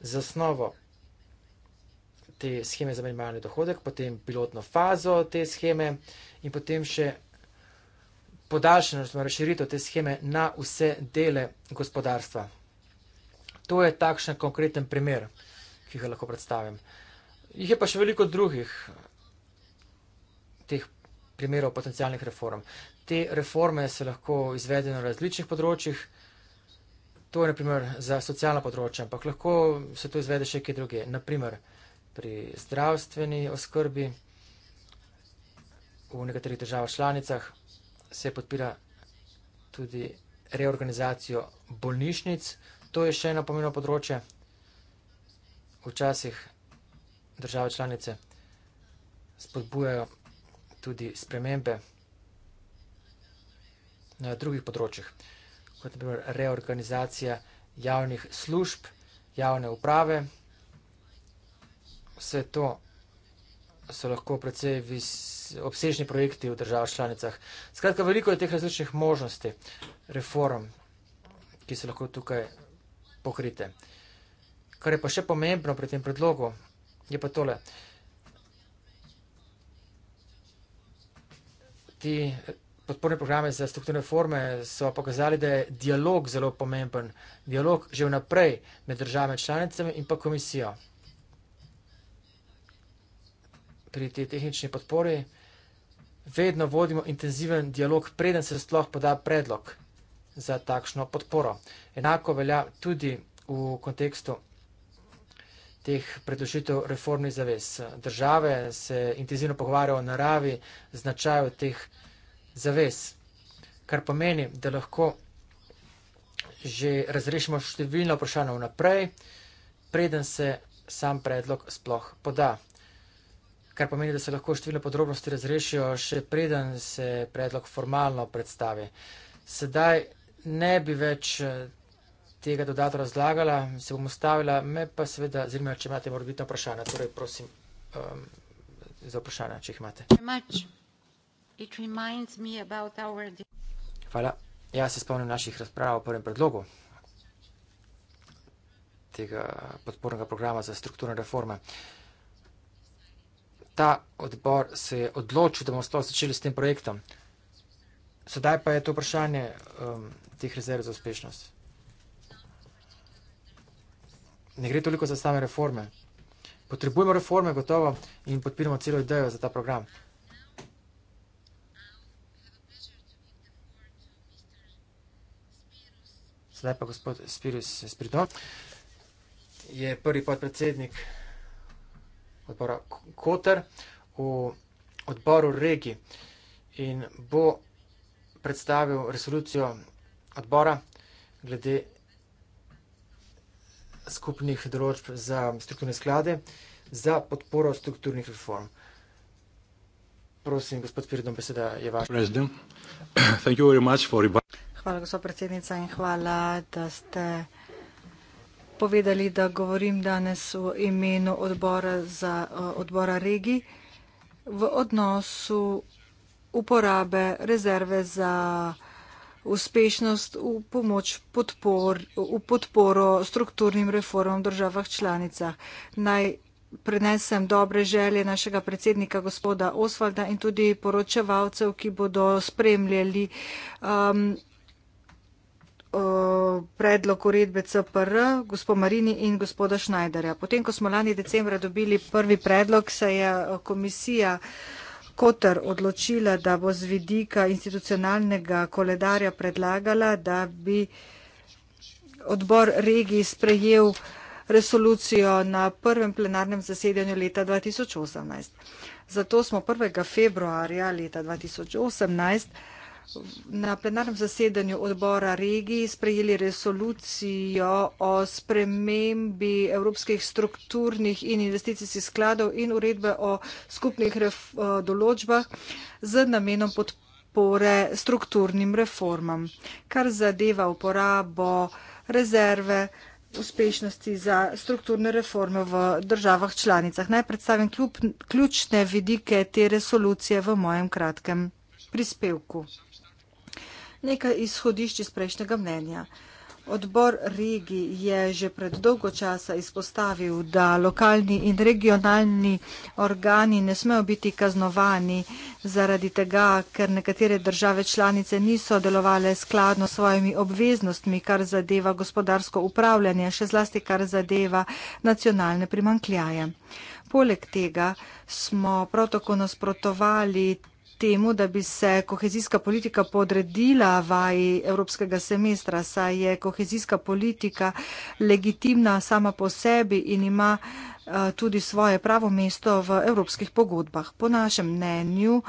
Zasnovo te scheme za minimalni dohodek, potem pilotno fazo te scheme in potem še podaljšanje oziroma razširitev te scheme na vse dele gospodarstva. To je takšen konkreten primer, ki ga lahko predstavim. Jih je pa še veliko drugih teh primerov potencijalnih reform. Te reforme se lahko izvede na različnih področjih, to je naprimer za socialna področja, ampak lahko se to izvede še kje druge. Naprimer pri zdravstveni oskrbi v nekaterih državah članicah se podpira tudi reorganizacijo bolnišnic. To je še eno pomembno področje. Včasih države članice spodbujajo tudi spremembe na drugih področjih, kot je reorganizacija javnih služb, javne uprave. Vse to so lahko precej obsežni projekti v državah članicah. Skratka, veliko je teh različnih možnosti reform, ki so lahko tukaj pokrite. Kar je pa še pomembno pri tem predlogu, je pa tole. Ti eh, podporne programe za strukturne reforme so pokazali, da je dialog zelo pomemben. Dialog že vnaprej med državami članicami in pa komisijo pri tej tehnični podpori, vedno vodimo intenziven dialog, preden se sploh poda predlog za takšno podporo. Enako velja tudi v kontekstu teh predložitev reformnih zavez. Države se intenzivno pogovarjajo o naravi, značaju teh zavez, kar pomeni, da lahko že razrešimo številno vprašanje vnaprej, preden se sam predlog sploh poda kar pomeni, da se lahko številne podrobnosti razrešijo, še preden se predlog formalno predstavi. Sedaj ne bi več eh, tega dodatno razlagala, se bom ustavila, me pa seveda zanima, če imate morbitno vprašanje. Torej, prosim um, za vprašanje, če jih imate. Hvala. Ja, se spomnim naših razprav o prvem predlogu tega podpornega programa za strukturne reforme. Uh, ta odbor se je odločil, da bomo sploh začeli s tem projektom. Sedaj pa je to vprašanje um, teh rezerv za uspešnost. Ne gre toliko za same reforme. Potrebujemo reforme, gotovo, in podpiramo celo idejo za ta program. Zdaj pa gospod Spiris Spirito je prvi podpredsednik odbora Koter v odboru Regi in bo predstavil resolucijo odbora glede skupnih določb za strukturne sklade za podporo strukturnih reform. Prosim, gospod Piridon, beseda je vaš. Hvala, gospod predsednica, in hvala, da ste povedali, da govorim danes v imenu odbora, za, eh, odbora regi v odnosu uporabe rezerve za uspešnost v pomoč podpor, v podporo strukturnim reformam v državah članicah. Naj prenesem dobre želje našega predsednika gospoda Osvalda in tudi poročevalcev, ki bodo spremljali um, predlog uredbe CPR, gospod Marini in gospoda Šnajderja. Potem, ko smo lani decembra dobili prvi predlog, se je komisija Kotr odločila, da bo z vidika institucionalnega koledarja predlagala, da bi odbor regij sprejel resolucijo na prvem plenarnem zasedanju leta 2018. Zato smo 1. februarja leta 2018 na plenarnem zasedanju odbora regij sprejeli resolucijo o spremembi evropskih strukturnih in investicijskih skladov in uredbe o skupnih določbah z namenom podpore strukturnim reformam, kar zadeva uporabo rezerve uspešnosti za strukturne reforme v državah članicah. Naj predstavim ključne vidike te resolucije v mojem kratkem prispevku nekaj izhodišč iz prejšnjega mnenja. Odbor regij je že pred dolgo časa izpostavil, da lokalni in regionalni organi ne smejo biti kaznovani zaradi tega, ker nekatere države članice niso delovale skladno s svojimi obveznostmi, kar zadeva gospodarsko upravljanje, še zlasti kar zadeva nacionalne primankljaje. Poleg tega smo prav tako nasprotovali temu, da bi se kohezijska politika podredila vaji evropskega semestra, saj je kohezijska politika legitimna sama po sebi in ima eh, tudi svoje pravo mesto v evropskih pogodbah. Po našem mnenju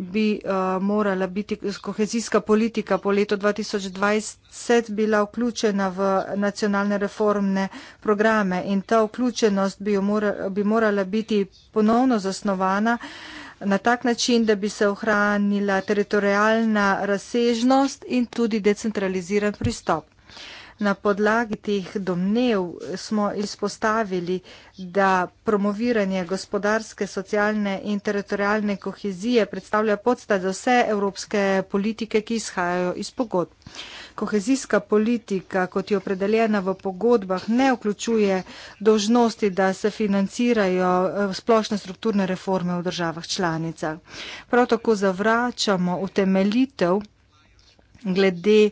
bi uh, morala biti kohezijska politika po letu 2020 bila vključena v nacionalne reformne programe in ta vključenost bi, mora, bi morala biti ponovno zasnovana uh, na tak način, da bi se ohranila teritorijalna razsežnost in tudi decentraliziran pristop. Na podlagi teh domnev smo izpostavili, da promoviranje gospodarske, socialne in teritorijalne kohezije predstavlja podstat za vse evropske politike, ki izhajajo iz pogodb kohezijska politika, kot je opredeljena v pogodbah, ne vključuje dožnosti, da se financirajo eh, splošne strukturne reforme v državah članicah. Prav tako zavračamo utemelitev glede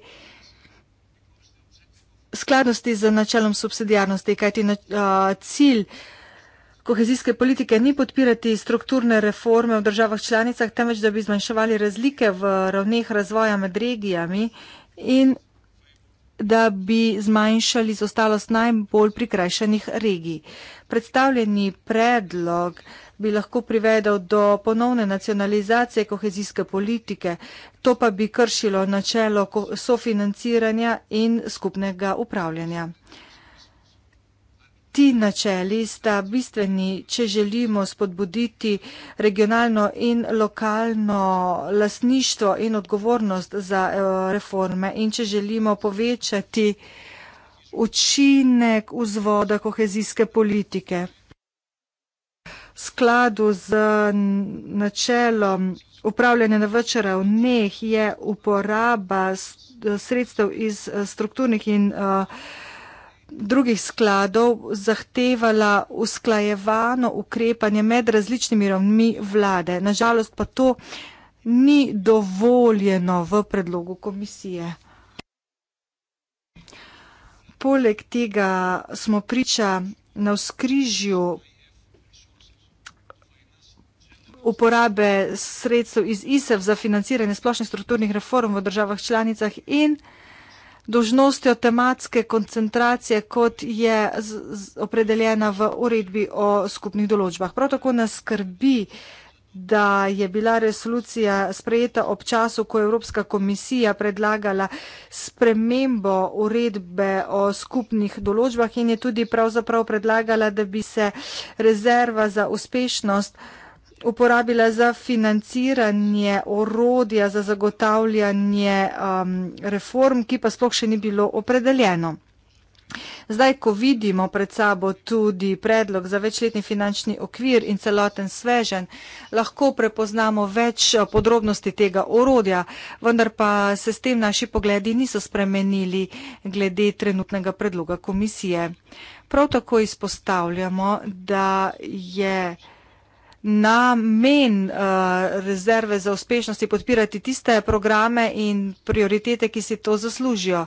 skladnosti z načelom subsidijarnosti, kajti na, a, eh, cilj kohezijske politike ni podpirati strukturne reforme v državah članicah, temveč da bi zmanjševali razlike v ravneh razvoja med regijami in da bi zmanjšali zostalost najbolj prikrajšanih regij. Predstavljeni predlog bi lahko privedel do ponovne nacionalizacije kohezijske politike, to pa bi kršilo načelo sofinanciranja in skupnega upravljanja ti načeli sta bistveni, če želimo spodbuditi regionalno in lokalno lasništvo in odgovornost za eh, reforme in če želimo povečati učinek vzvoda kohezijske politike. V skladu z načelom upravljanja na več ravneh je uporaba sredstev iz eh, strukturnih in uh, drugih skladov zahtevala usklajevano ukrepanje med različnimi ravnmi vlade. Nažalost pa to ni dovoljeno v predlogu komisije. Poleg tega smo priča na vzkrižju uporabe sredstev iz ISEF za financiranje splošnih strukturnih reform v državah članicah in dožnostjo tematske koncentracije, kot je z, z opredeljena v uredbi o skupnih določbah. Prav tako nas skrbi, da je bila resolucija sprejeta ob času, ko je Evropska komisija predlagala spremembo uredbe o skupnih določbah in je tudi pravzaprav predlagala, da bi se rezerva za uspešnost uh, uporabila za financiranje orodja za zagotavljanje um, reform, ki pa sploh še ni bilo opredeljeno. Zdaj, ko vidimo pred sabo tudi predlog za večletni finančni okvir in celoten svežen, lahko prepoznamo več uh, podrobnosti tega orodja, vendar pa se s tem naši pogledi niso spremenili glede trenutnega predloga komisije. Prav tako izpostavljamo, da je namen uh, rezerve za uspešnosti podpirati tiste programe in prioritete, ki si to zaslužijo.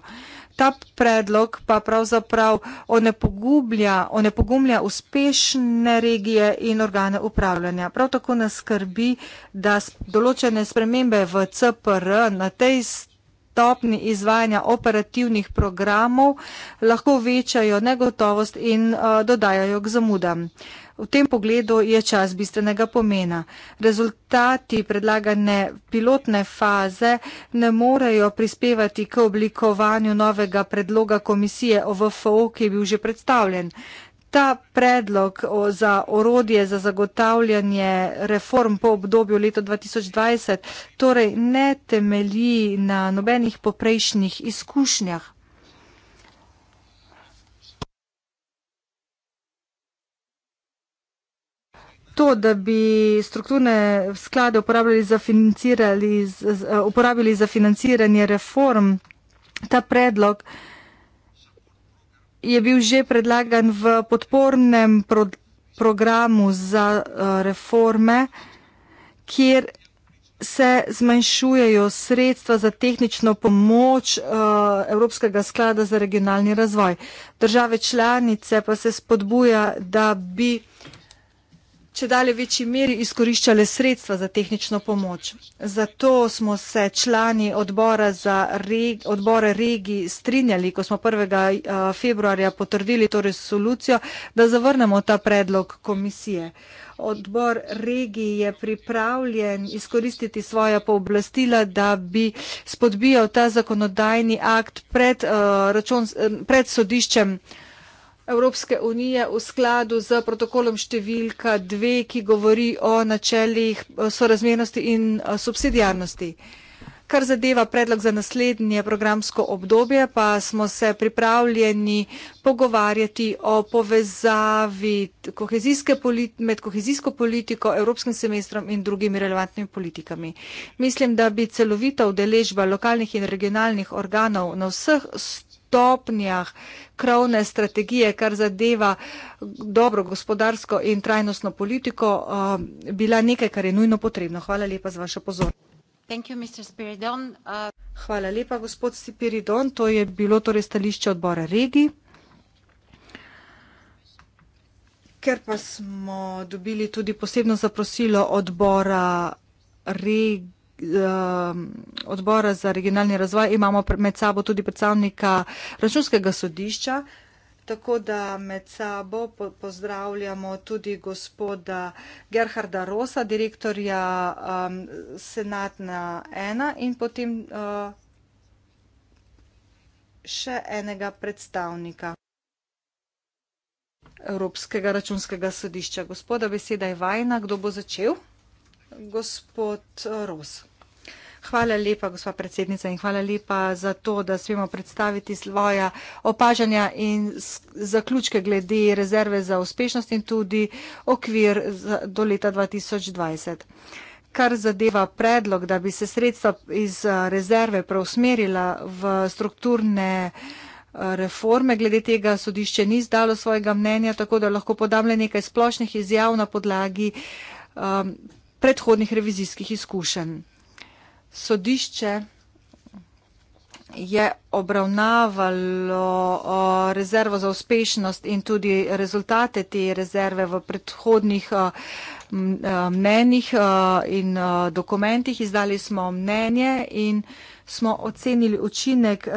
Ta predlog pa pravzaprav onepogublja, onepogumlja uspešne regije in organe upravljanja. Prav tako nas skrbi, da določene spremembe v CPR na tej stopni izvajanja operativnih programov lahko večajo negotovost in uh, dodajajo k zamudam. Uh, V tem pogledu je čas bistvenega pomena. Rezultati predlagane pilotne faze ne morejo prispevati k oblikovanju novega predloga komisije OVFO, ki je bil že predstavljen. Ta predlog za orodje za zagotavljanje reform po obdobju leta 2020 torej ne temelji na nobenih poprejšnjih izkušnjah. to, da bi strukturne sklade uporabljali za, eh, uporabljali za financiranje reform, ta predlog je bil že predlagan v podpornem pro, programu za uh, reforme, kjer se zmanjšujejo sredstva za tehnično pomoč uh, Evropskega sklada za regionalni razvoj. Države članice pa se spodbuja, da bi če dalje večji meri izkoriščale sredstva za tehnično pomoč. Zato smo se člani odbora, reg odbora regij strinjali, ko smo 1. Eh, februarja potrdili to resolucijo, da zavrnemo ta predlog komisije. Odbor regij je pripravljen izkoristiti svoja pooblastila, da bi spodbijal ta zakonodajni akt pred, uh, račun, eh, pred sodiščem. Evropske unije v skladu z protokolom številka dve, ki govori o načeljih sorazmernosti in subsidijarnosti. Kar zadeva predlog za naslednje programsko obdobje, pa smo se pripravljeni pogovarjati o povezavi kohezijske politi med kohezijsko politiko, evropskim semestrom in drugimi relevantnimi politikami. Mislim, da bi celovita udeležba lokalnih in regionalnih organov na vseh stopnjah stopnjah krovne strategije, kar zadeva dobro gospodarsko in trajnostno politiko, um, bila nekaj, kar je nujno potrebno. Hvala lepa za vašo pozornost. Uh, Hvala lepa, gospod Sipiridon. To je bilo torej stališče odbora regi. Ker pa smo dobili tudi posebno zaprosilo odbora regi, Eh, odbora za regionalni razvoj, imamo med sabo tudi predstavnika računskega sodišča, tako da med sabo pozdravljamo tudi gospoda Gerharda Rosa, direktorja um, Senatna 1 in potem uh, še enega predstavnika. Evropskega računskega sodišča. Gospoda, beseda je vajna, kdo bo začel? Gospod Ros. Hvala lepa, gospa predsednica, in hvala lepa za to, da smemo predstaviti svoja opažanja in zaključke glede rezerve za uspešnost in tudi okvir do leta 2020. Kar zadeva predlog, da bi se sredstva iz rezerve preusmerila v strukturne eh, reforme, glede tega sodišče ni zdalo svojega mnenja, tako da lahko podam le nekaj splošnih izjav na podlagi um, predhodnih revizijskih izkušenj sodišče je obravnavalo rezervo za uspešnost in tudi rezultate te rezerve v predhodnih mnenjih in dokumentih. Izdali smo mnenje in smo ocenili učinek e,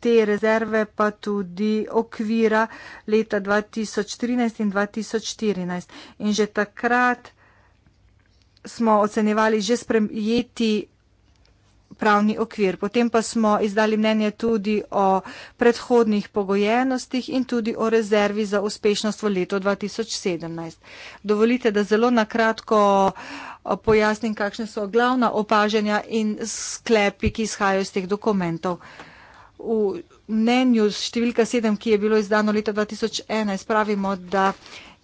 te rezerve pa tudi okvira leta 2013 in 2014. In že takrat smo ocenjevali že sprejeti pravni okvir. Potem pa smo izdali mnenje tudi o predhodnih pogojenostih in tudi o rezervi za uspešnost v letu 2017. Dovolite, da zelo nakratko eh, pojasnim, kakšne so glavna opaženja in sklepi, ki izhajajo iz teh dokumentov. V mnenju številka 7, ki je bilo izdano leta 2011, pravimo, da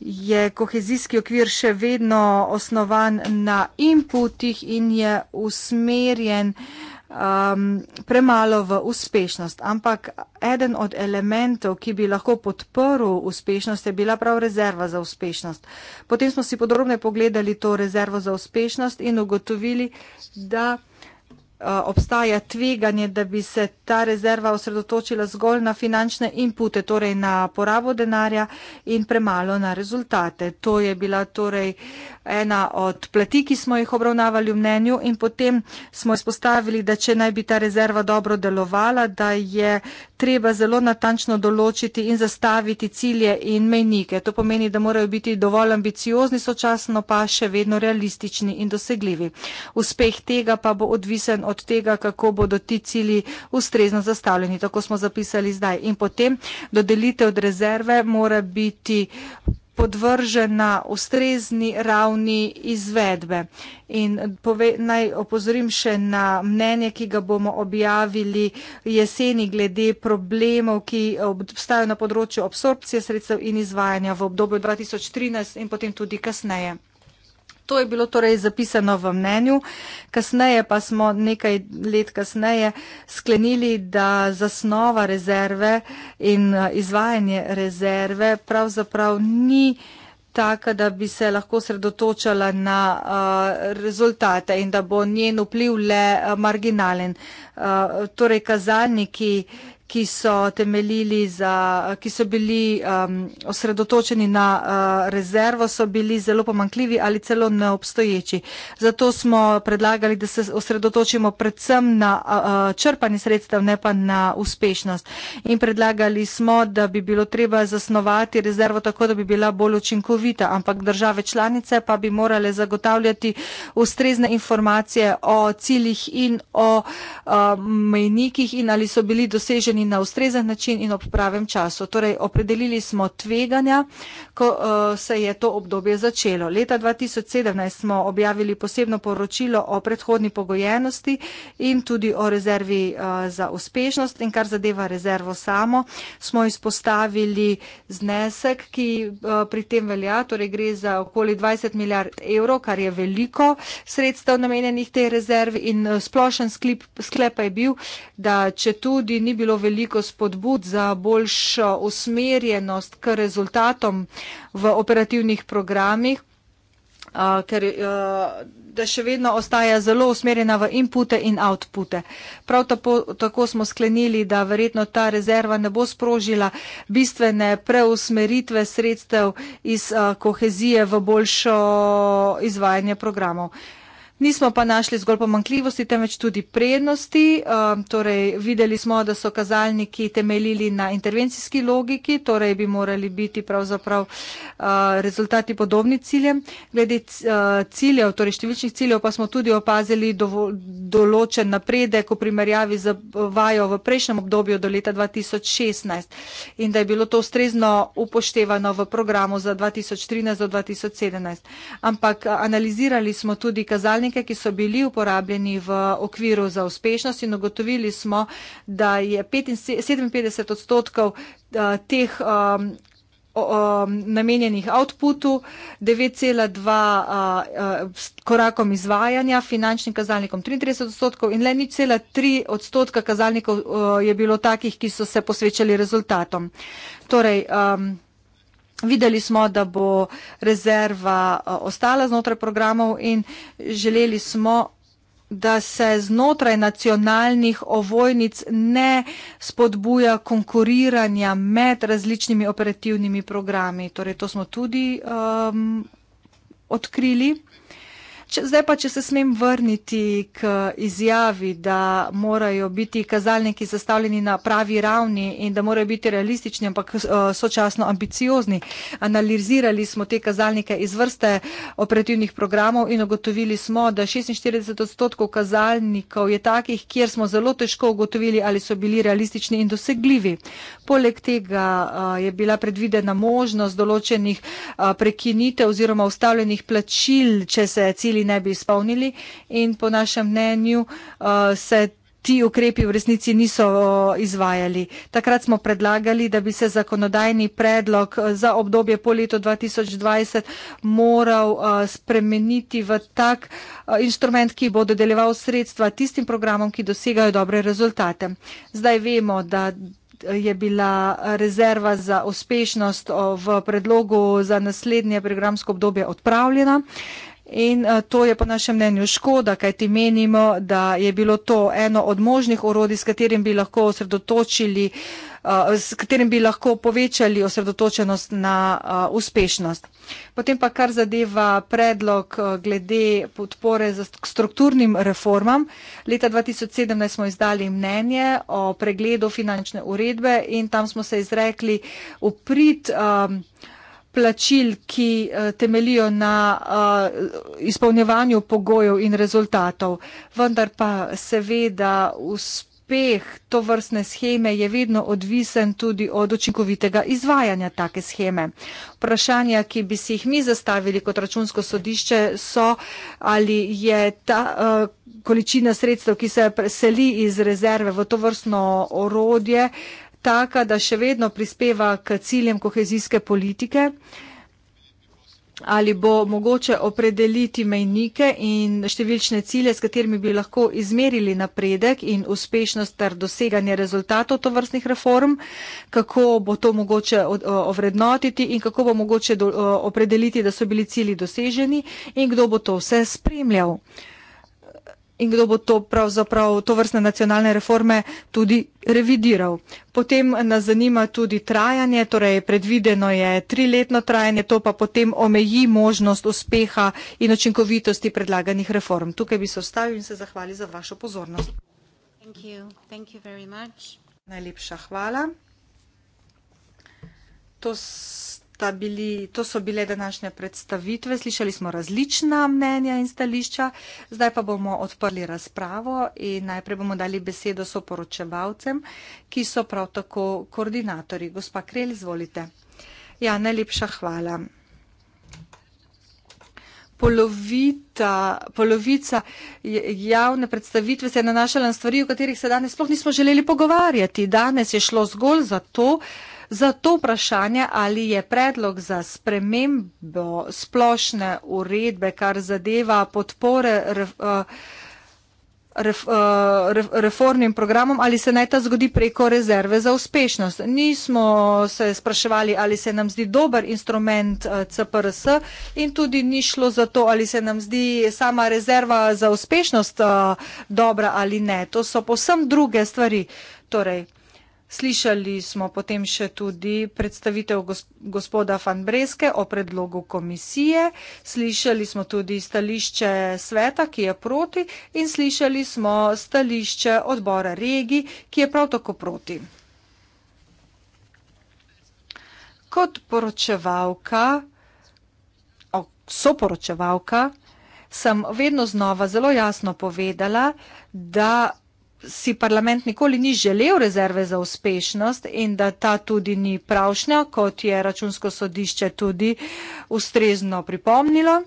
je kohezijski okvir še vedno osnovan na inputih in je usmerjen um, premalo v uspešnost. Ampak eden od elementov, ki bi lahko podporil uspešnost, je bila prav rezerva za uspešnost. Potem smo si podrobno pogledali to rezervo za uspešnost in ugotovili, da obstaja tveganje, da bi se ta rezerva osredotočila zgolj na finančne inpute, torej na porabo denarja in premalo na rezultate. To je bila torej ena od plati, ki smo jih obravnavali v mnenju in potem smo izpostavili, da če naj bi ta rezerva dobro delovala, da je treba zelo natančno določiti in zastaviti cilje in mejnike. To pomeni, da morajo biti dovolj ambiciozni, sočasno pa še vedno realistični in dosegljivi. Uspeh tega pa bo odvisen od tega, kako bodo ti cilji ustrezno zastavljeni. Tako smo zapisali zdaj. In potem dodelitev rezerve mora biti podvržena ustrezni ravni izvedbe. In pove, naj opozorim še na mnenje, ki ga bomo objavili jeseni glede problemov, ki obstajajo na področju absorpcije sredstev in izvajanja v obdobju 2013 in potem tudi kasneje. To je bilo torej zapisano v mnenju, kasneje pa smo nekaj let kasneje sklenili, da zasnova rezerve in eh, izvajanje rezerve pravzaprav ni taka, da bi se lahko sredotočala na uh, rezultate in da bo njen vpliv le uh, marginalen. Uh, torej kazalniki, ki so, za, ki so bili um, osredotočeni na uh, rezervo, so bili zelo pomankljivi ali celo neobstoječi. Zato smo predlagali, da se osredotočimo predvsem na uh, uh, črpanje sredstev, ne pa na uspešnost. In predlagali smo, da bi bilo treba zasnovati rezervo tako, da bi bila bolj učinkovita, ampak države članice pa bi morale zagotavljati ustrezne informacije o ciljih in o uh, mejnikih in ali so bili doseženi določeni na ustrezen način in ob pravem času. Torej, opredelili smo tveganja, ko eh, se je to obdobje začelo. Leta 2017 smo objavili posebno poročilo o predhodni pogojenosti in tudi o rezervi eh, za uspešnost in kar zadeva rezervo samo, smo izpostavili znesek, ki eh, pri tem velja, torej gre za okoli 20 milijard evrov, kar je veliko sredstev namenjenih tej rezervi in splošen sklep, sklep je bil, da če tudi ni bilo veliko, veliko spodbud za boljšo usmerjenost k rezultatom v operativnih programih, ker da še vedno ostaja zelo usmerjena v inpute in outpute. Prav tako, tako smo sklenili, da verjetno ta rezerva ne bo sprožila bistvene preusmeritve sredstev iz kohezije v boljšo izvajanje programov. Nismo pa našli zgolj pomankljivosti, temveč tudi prednosti. Ehm, torej, videli smo, da so kazalniki temeljili na intervencijski logiki, torej bi morali biti pravzaprav eh, rezultati podobni ciljem. Glede eh, ciljev, torej številčnih ciljev, pa smo tudi opazili določen napredek v primerjavi z eh, vajo v prejšnjem obdobju do leta 2016 in da je bilo to ustrezno upoštevano v programu za 2013 do 2017. Ampak analizirali smo tudi kazalnike, kazalnike, ki so bili uporabljeni v okviru za uspešnost in ugotovili smo, da je 57 odstotkov eh, teh eh, namenjenih outputu, 9,2 eh, korakom izvajanja, finančnim kazalnikom 33 odstotkov in le nič cela 3 odstotka kazalnikov je bilo takih, ki so se posvečali rezultatom. Torej, ehm, Videli smo, da bo rezerva eh, ostala znotraj programov in želeli smo, da se znotraj nacionalnih ovojnic ne spodbuja konkuriranja med različnimi operativnimi programi. Torej, to smo tudi um, odkrili. Če, zdaj pa, če se smem vrniti k izjavi, da morajo biti kazalniki zastavljeni na pravi ravni in da morajo biti realistični, ampak eh, sočasno ambiciozni. Analizirali smo te kazalnike iz vrste operativnih programov in ugotovili smo, da 46 odstotkov kazalnikov je takih, kjer smo zelo težko ugotovili, ali so bili realistični in dosegljivi. Poleg tega eh, je bila predvidena možnost določenih eh, prekinitev oziroma ustavljenih plačil, če se cilj ali ne bi izpolnili in po našem mnenju uh, se. Ti ukrepi v resnici niso uh, izvajali. Takrat smo predlagali, da bi se zakonodajni predlog uh, za obdobje po letu 2020 moral uh, spremeniti v tak inštrument, ki bo dodeljeval sredstva tistim programom, ki dosegajo dobre rezultate. Zdaj vemo, da je bila rezerva za uspešnost v predlogu za naslednje programsko obdobje odpravljena. Uh, In eh, to je po našem mnenju škoda, kaj ti menimo, da je bilo to eno od možnih orodij, s katerim bi lahko osredotočili eh, s katerim bi lahko povečali osredotočenost na uh, uspešnost. Potem pa kar zadeva predlog uh, glede podpore za strukturnim reformam. Leta 2017 smo izdali mnenje o pregledu finančne uredbe in tam smo se izrekli uprit. Um, plačil, ki eh, temelijo na eh, izpolnjevanju pogojev in rezultatov. Vendar pa seveda uspeh to vrstne scheme je vedno odvisen tudi od učinkovitega izvajanja take scheme. Vprašanja, ki bi si jih mi zastavili kot računsko sodišče, so ali je ta eh, količina sredstev, ki se seli iz rezerve v to vrstno orodje, taka, da še vedno prispeva k ciljem kohezijske politike? Ali bo mogoče opredeliti mejnike in številčne cilje, s katerimi bi lahko izmerili napredek in uspešnost ter doseganje rezultatov tovrstnih reform, kako bo to mogoče ovrednotiti in kako bo mogoče opredeliti, da so bili cilji doseženi in kdo bo to vse spremljal? Uh, in kdo bo to pravzaprav to vrstne nacionalne reforme tudi revidiral. Potem nas zanima tudi trajanje, torej predvideno je triletno trajanje, to pa potem omeji možnost uspeha in očinkovitosti predlaganih reform. Tukaj bi se ostavil in se zahvalil za vašo pozornost. Thank you. Thank you Najlepša hvala. To sta bili, to so bile današnje predstavitve, slišali smo različna mnenja in stališča, zdaj pa bomo odprli razpravo in najprej bomo dali besedo soporočevalcem, ki so prav tako koordinatorji. Gospa Krelj, izvolite. Ja, najlepša hvala. Polovita, polovica javne predstavitve se je nanašala na stvari, o katerih se danes sploh nismo želeli pogovarjati. Danes je šlo zgolj za to, Zato vprašanje, ali je predlog za spremembo splošne uredbe, kar zadeva podpore ref, eh, eh, ref, reformnim programom, ali se naj ta zgodi preko rezerve za uspešnost. Nismo se spraševali, ali se nam zdi dober instrument eh, CPRS in tudi ni šlo za to, ali se nam zdi sama rezerva za uspešnost dobra ali ne. To so posem druge stvari. Torej, Slišali smo potem še tudi predstavitev gospoda Van Breske o predlogu komisije, slišali smo tudi stališče sveta, ki je proti, in slišali smo stališče odbora regi, ki je prav tako proti. Kot poročevalka, soporočevalka, sem vedno znova zelo jasno povedala, da si parlament nikoli ni želel rezerve za uspešnost in da ta tudi ni pravšnja, kot je računsko sodišče tudi ustrezno pripomnilo,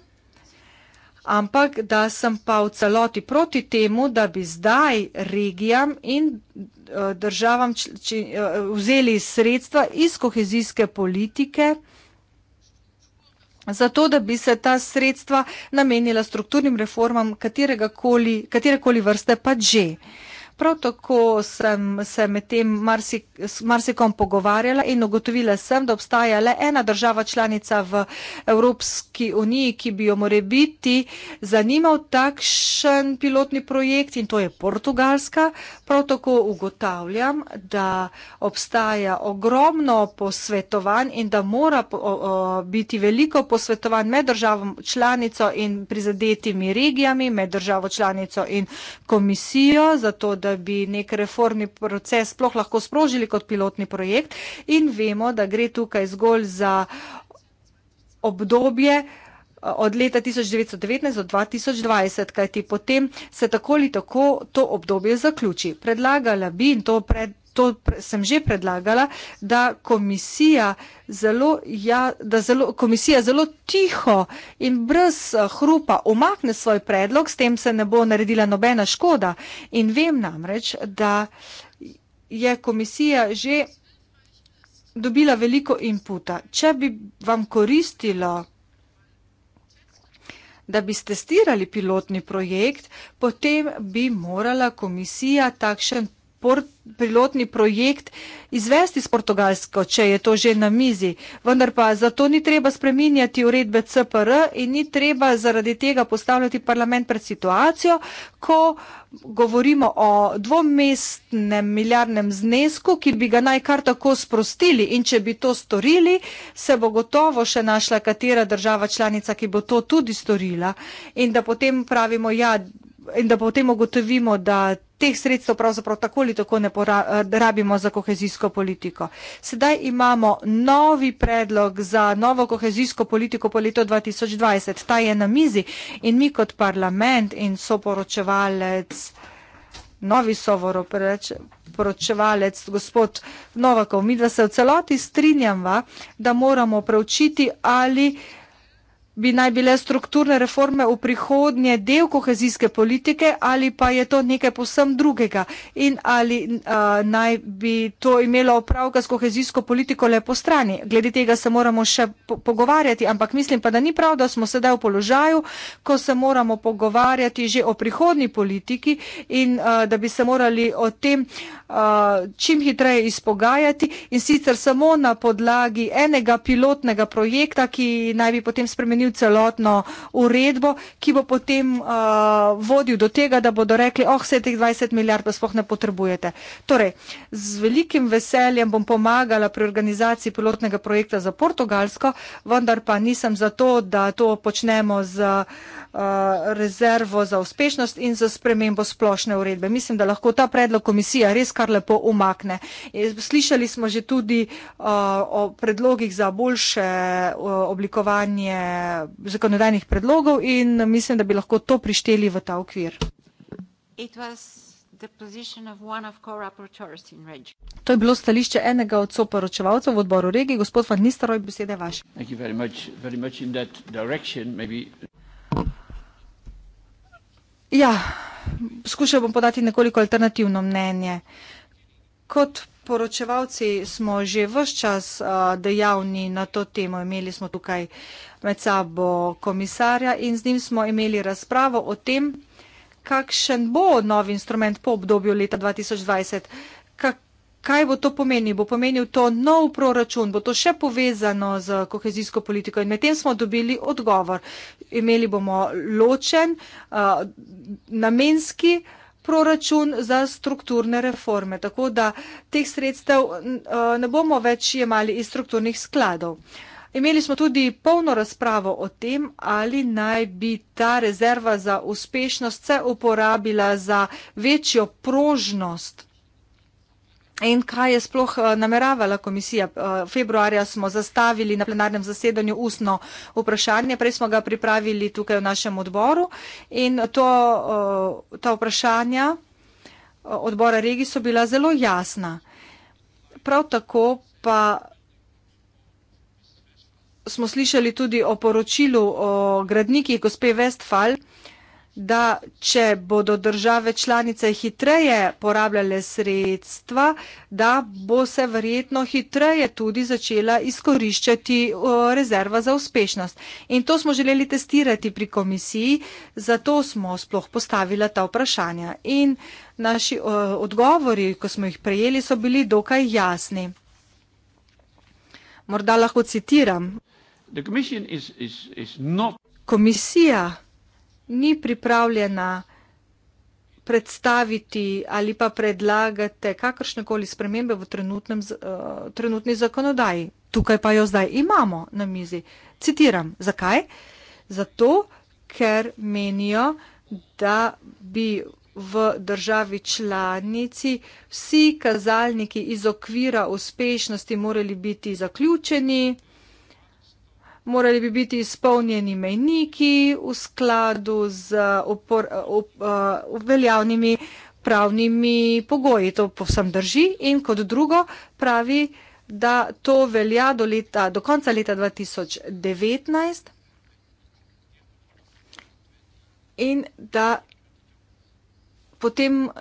ampak da sem pa v celoti proti temu, da bi zdaj regijam in eh, državam eh, vzeli sredstva iz kohezijske politike, zato da bi se ta sredstva namenila strukturnim reformam katerekoli vrste pa že. Prav tako sem se med tem marsikom marsi pogovarjala in ugotovila sem, da obstaja le ena država članica v Evropski uniji, ki bi jo more biti zanimal takšen pilotni projekt in to je Portugalska. Prav tako ugotavljam, da obstaja ogromno posvetovanj in da mora o, o, biti veliko posvetovanj med državo članico in prizadetimi regijami, med državo članico in komisijo, zato da da bi nek reformni proces sploh lahko sprožili kot pilotni projekt in vemo, da gre tukaj zgolj za obdobje eh, od leta 1919 do 2020, kajti potem se tako ali tako to obdobje zaključi. Predlagala bi in to pred, to sem že predlagala, da komisija zelo, ja, da zelo, komisija zelo tiho in brez eh, hrupa omakne svoj predlog, s tem se ne bo naredila nobena škoda. In vem namreč, da je komisija že dobila veliko inputa. Če bi vam koristilo, da bi testirali pilotni projekt, potem bi morala komisija takšen port, pilotni projekt izvesti s Portugalsko, če je to že na mizi. Vendar pa zato ni treba spreminjati uredbe CPR in ni treba zaradi tega postavljati parlament pred situacijo, ko govorimo o dvomestnem milijardnem znesku, ki bi ga naj kar tako sprostili in če bi to storili, se bo gotovo še našla katera država članica, ki bo to tudi storila in da potem pravimo, ja, in da potem ugotovimo, da teh sredstev pravzaprav tako ali tako ne porabimo za kohezijsko politiko. Sedaj imamo novi predlog za novo kohezijsko politiko po leto 2020. Ta je na mizi in mi kot parlament in soporočevalec, novi soporoč, poročevalec, gospod Novakov, mi da se v celoti strinjamo, da moramo preučiti ali bi naj bile strukturne reforme v prihodnje del kohezijske politike ali pa je to nekaj posem drugega in ali uh, naj bi to imelo opravka s kohezijsko politiko le po strani. Glede tega se moramo še po pogovarjati, ampak mislim pa, da ni prav, da smo sedaj v položaju, ko se moramo pogovarjati že o prihodnji politiki in uh, da bi se morali o tem uh, čim hitreje izpogajati in sicer samo na podlagi enega pilotnega projekta, ki naj bi potem spremenil spremenil celotno uredbo, ki bo potem uh, vodil do tega, da bodo rekli, oh, vse teh 20 milijard pa spoh ne potrebujete. Torej, z velikim veseljem bom pomagala pri organizaciji pilotnega projekta za Portugalsko, vendar pa nisem za to, da to počnemo z uh, rezervo za uspešnost in za spremembo splošne uredbe. Mislim, da lahko ta predlog komisija res kar lepo umakne. E, slišali smo že tudi uh, o predlogih za boljše uh, oblikovanje zakonodajnih predlogov in mislim, da bi lahko to prišteli v ta okvir. To je bilo stališče enega od soporočevalcev v odboru regije, gospod Van Nistelrooy, beseda je vaša. Ja, skušal bom podati nekoliko alternativno mnenje. Kot poročevalci smo že vse čas uh, dejavni na to temo. Imeli smo tukaj med sabo komisarja in z njim smo imeli razpravo o tem, kakšen bo nov instrument po obdobju leta 2020. Kak, kaj bo to pomenil? Bo pomenil to nov proračun? Bo to še povezano z kohezijsko politiko? In med tem smo dobili odgovor. Imeli bomo ločen, uh, namenski, uh, proračun za strukturne reforme. Tako da teh sredstev e, ne bomo več jemali iz strukturnih skladov. Imeli smo tudi polno razpravo o tem, ali naj bi ta rezerva za uspešnost se uporabila za večjo prožnost In kaj je sploh eh, nameravala komisija? Eh, februarja smo zastavili na plenarnem zasedanju ustno vprašanje, prej smo ga pripravili tukaj v našem odboru in to, eh, ta vprašanja odbora regij so bila zelo jasna. Prav tako pa smo slišali tudi o poročilu o gradnikih gospe Westfall, da če bodo države članice hitreje porabljale sredstva, da bo se verjetno hitreje tudi začela izkoriščati rezerva za uspešnost. In to smo želeli testirati pri komisiji, zato smo sploh postavila ta vprašanja. In naši odgovori, ko smo jih prejeli, so bili dokaj jasni. Morda lahko citiram. Komisija ni pripravljena predstaviti ali pa predlagati kakršnekoli spremembe v trenutnem, uh, trenutni zakonodaji. Tukaj pa jo zdaj imamo na mizi. Citiram. Zakaj? Zato, ker menijo, da bi v državi članici vsi kazalniki iz okvira uspešnosti morali biti zaključeni morali bi biti izpolnjeni mejniki v skladu z opor, op, op, uh, veljavnimi pravnimi pogoji. To povsem drži in kot drugo pravi, da to velja do, leta, do konca leta 2019 in da potem uh,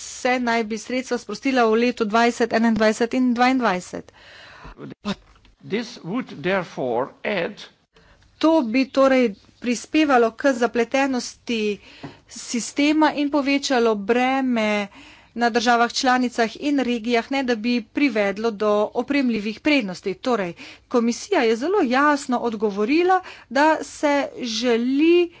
se naj bi sredstva sprostila v letu 2021 in 2022. Pa To bi torej prispevalo k zapletenosti sistema in povečalo breme na državah članicah in regijah, ne da bi privedlo do opremljivih prednosti. Torej, komisija je zelo jasno odgovorila, da se želi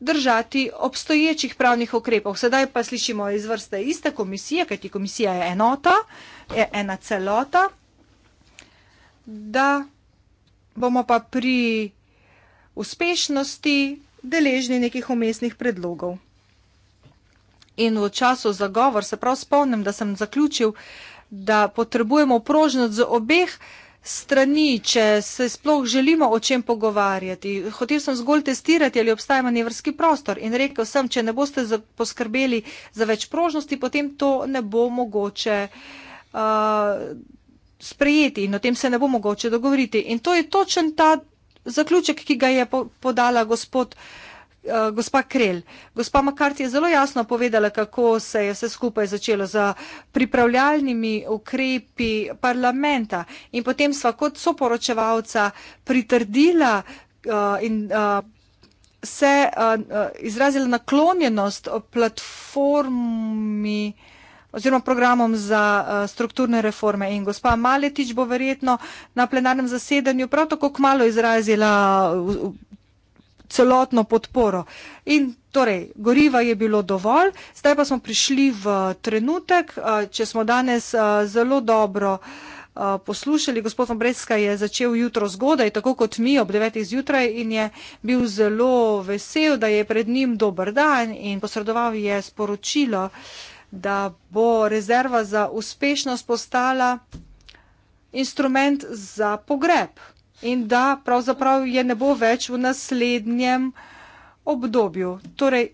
držati obstoječih pravnih ukrepov. Sedaj pa slišimo iz vrste iste komisije, kajti komisija je enota, je ena celota da bomo pa pri uspešnosti deležni nekih umestnih predlogov. In v času zagovor se prav spomnim, da sem zaključil, da potrebujemo prožnost z obeh strani, če se sploh želimo o čem pogovarjati. Hotel sem zgolj testirati, ali obstaja manevrski prostor in rekel sem, če ne boste poskrbeli za več prožnosti, potem to ne bo mogoče. Uh, sprejeti in o tem se ne bo mogoče dogovoriti. In to je točen ta zaključek, ki ga je podala gospod. Eh, gospa Krel. Gospa Makart je zelo jasno povedala, kako se je vse skupaj začelo z pripravljalnimi ukrepi parlamenta in potem sva kot soporočevalca pritrdila eh, in eh, se izrazila naklonjenost platformi oziroma programom za uh, strukturne reforme. In gospa Maletič bo verjetno na plenarnem zasedanju prav tako kmalo izrazila celotno podporo. In torej, goriva je bilo dovolj, zdaj pa smo prišli v trenutek, eh, če smo danes eh, zelo dobro poslušali, gospod Mbreska je začel jutro zgodaj, tako kot mi ob 9. zjutraj in je bil zelo vesel, da je pred njim dober dan in posredoval je sporočilo, da bo rezerva za uspešnost postala instrument za pogreb in da pravzaprav je ne bo več v naslednjem obdobju. Torej,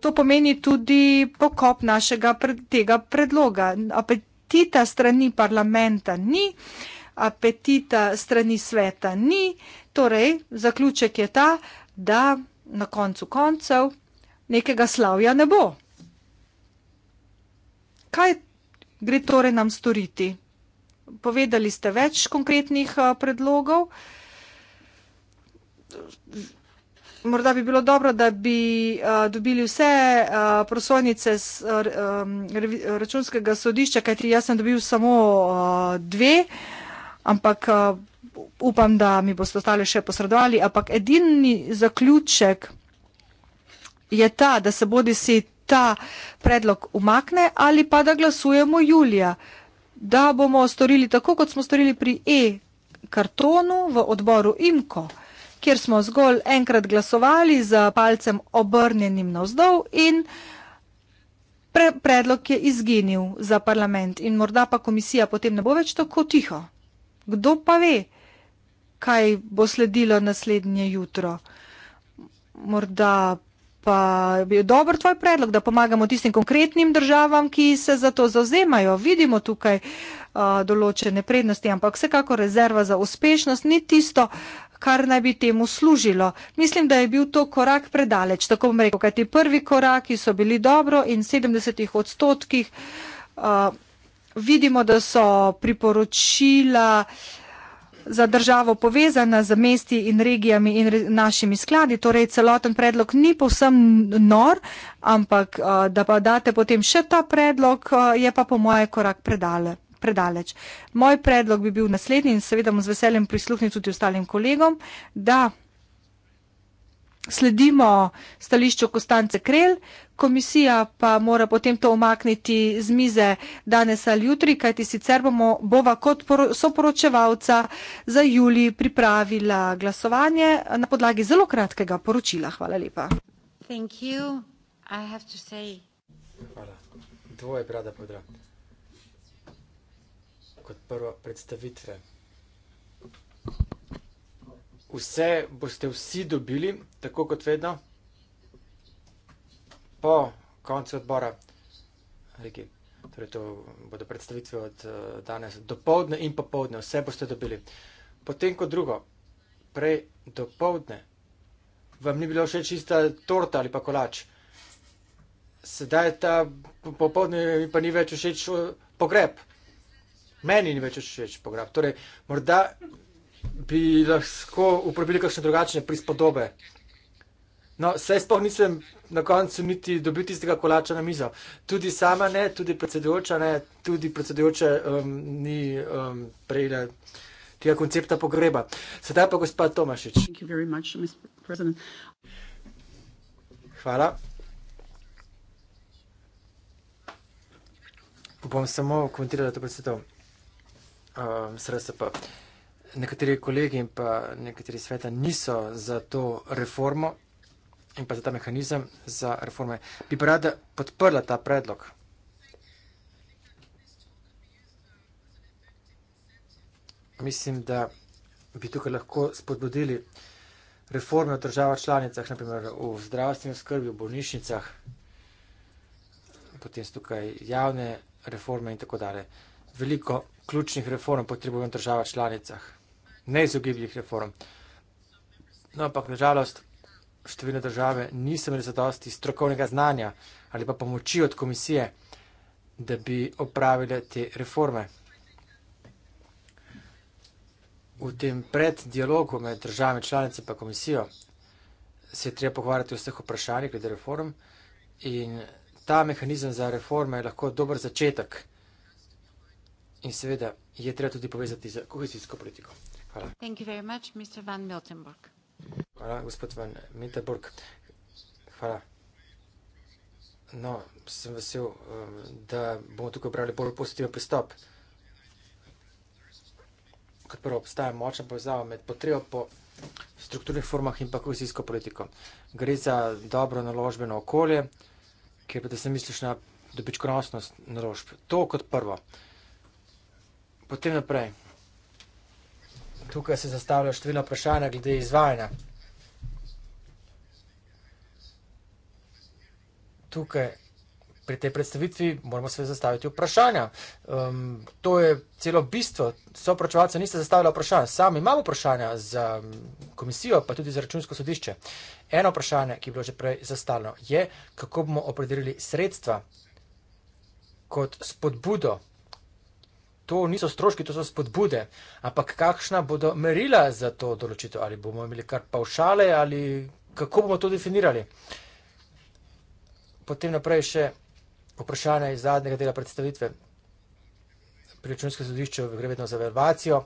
to pomeni tudi pokop našega pred, tega predloga. Apetita strani parlamenta ni, apetita strani sveta ni, torej zaključek je ta, da na koncu koncev nekega slavja ne bo. Kaj gre torej nam storiti? Povedali ste več konkretnih eh, predlogov. Morda bi bilo dobro, da bi eh, dobili vse eh, prosojnice z računskega sodišča, kajti jaz sem dobil samo dve, ampak upam, da mi boste ostale še posredovali. Ampak edini zaključek, ki je, je ta, da se bodi si ta predlog umakne ali pa da glasujemo julija, da bomo storili tako, kot smo storili pri e-kartonu v odboru IMKO, kjer smo zgolj enkrat glasovali z palcem obrnjenim navzdol in pre predlog je izginil za parlament in morda pa komisija potem ne bo več tako tiho. Kdo pa ve, kaj bo sledilo naslednje jutro? Morda pa je dober tvoj predlog, da pomagamo tistim konkretnim državam, ki se za to zauzemajo. Vidimo tukaj uh, določene prednosti, ampak vsekako rezerva za uspešnost ni tisto, kar naj bi temu služilo. Mislim, da je bil to korak predaleč, tako bom rekel, kajti prvi koraki so bili dobro in 70 odstotkih uh, vidimo, da so priporočila. Uh, za državo povezana z mesti in regijami in re, našimi skladi. Torej, celoten predlog ni povsem nor, ampak da pa date potem še ta predlog, je pa po moje korak predale. Predaleč. Moj predlog bi bil naslednji in seveda bom z veseljem prisluhnil tudi ostalim kolegom, da sledimo stališču Kostance Krel, komisija pa mora potem to omakniti z mize danes ali jutri, kajti sicer bomo Bova kot soporočevalca za juli pripravila glasovanje na podlagi zelo kratkega poročila. Hvala lepa. Hvala. Dvoje brada podra. Kot prvo predstavitve. Vse boste vsi dobili, tako kot vedno, po koncu odbora. Rekli, torej to bodo predstavitve od eh, danes. Dopovdne in popovdne, vse boste dobili. Potem kot drugo, prej dopovdne, vam ni bilo še čista torta ali pa kolač. Sedaj ta popovdne mi pa ni več všeč eh, pogreb. Meni ni več všeč pogreb. Torej, morda bi lahko uporabili kakšne drugačne prispodobe. No, saj sploh nisem na koncu niti dobil tistega kolača na mizo. Tudi sama ne, tudi predsedujoča ne, tudi predsedujoča um, ni um, prejela tega koncepta pogreba. Sedaj pa gospod Tomašič. Hvala. Bom samo komentiral, da to predsedujem. Um, Sredstvo pa nekateri kolegi in pa nekateri sveta niso za to reformo in pa za ta mehanizem za reforme. Bi pa rada podprla ta predlog. Mislim, da bi tukaj lahko spodbudili reforme v državah članicah, naprimer v zdravstvenem skrbi, v bolnišnicah, potem so tukaj javne reforme in tako dalje. Veliko ključnih reform potrebujemo v državah članicah neizogibljih reform. No, ampak nažalost, številne države niso imeli zadosti strokovnega znanja ali pa pomoči od komisije, da bi opravile te reforme. V tem preddialogu med državami članice pa komisijo se je treba pogovarjati o vseh vprašanjih glede reform in ta mehanizem za reforme je lahko dober začetek. In seveda je treba tudi povezati z kohezijsko politiko. Hvala. Thank you very much, Mr. van Miltenburg. Hvala, gospod van Miltenburg. Hvala. No, sem vesel, um, da bomo tukaj obrali bolj pozitiven pristop. Kot prvo, obstaja močna povezava med potrebo po strukturnih formah in pa kohezijsko politiko. Gre za dobro naložbeno okolje, kjer pa da se misliš na dobičkonosnost naložb. To kot prvo. Potem naprej tukaj se zastavlja številna vprašanja glede izvajanja. Tukaj pri tej predstavitvi moramo se zastaviti vprašanja. Um, to je celo bistvo. Sopračevalce niste zastavili vprašanja. Sami imamo vprašanja za um, komisijo, pa tudi za računsko sodišče. Eno vprašanje, ki je bilo že prej zastavljeno, je, kako bomo opredelili sredstva kot spodbudo to niso stroški, to so spodbude. Ampak kakšna bodo merila za to določitev? Ali bomo imeli kar paušale ali kako bomo to definirali? Potem naprej še vprašanje iz zadnjega dela predstavitve. Pri računskem sodišču gre vedno za verbacijo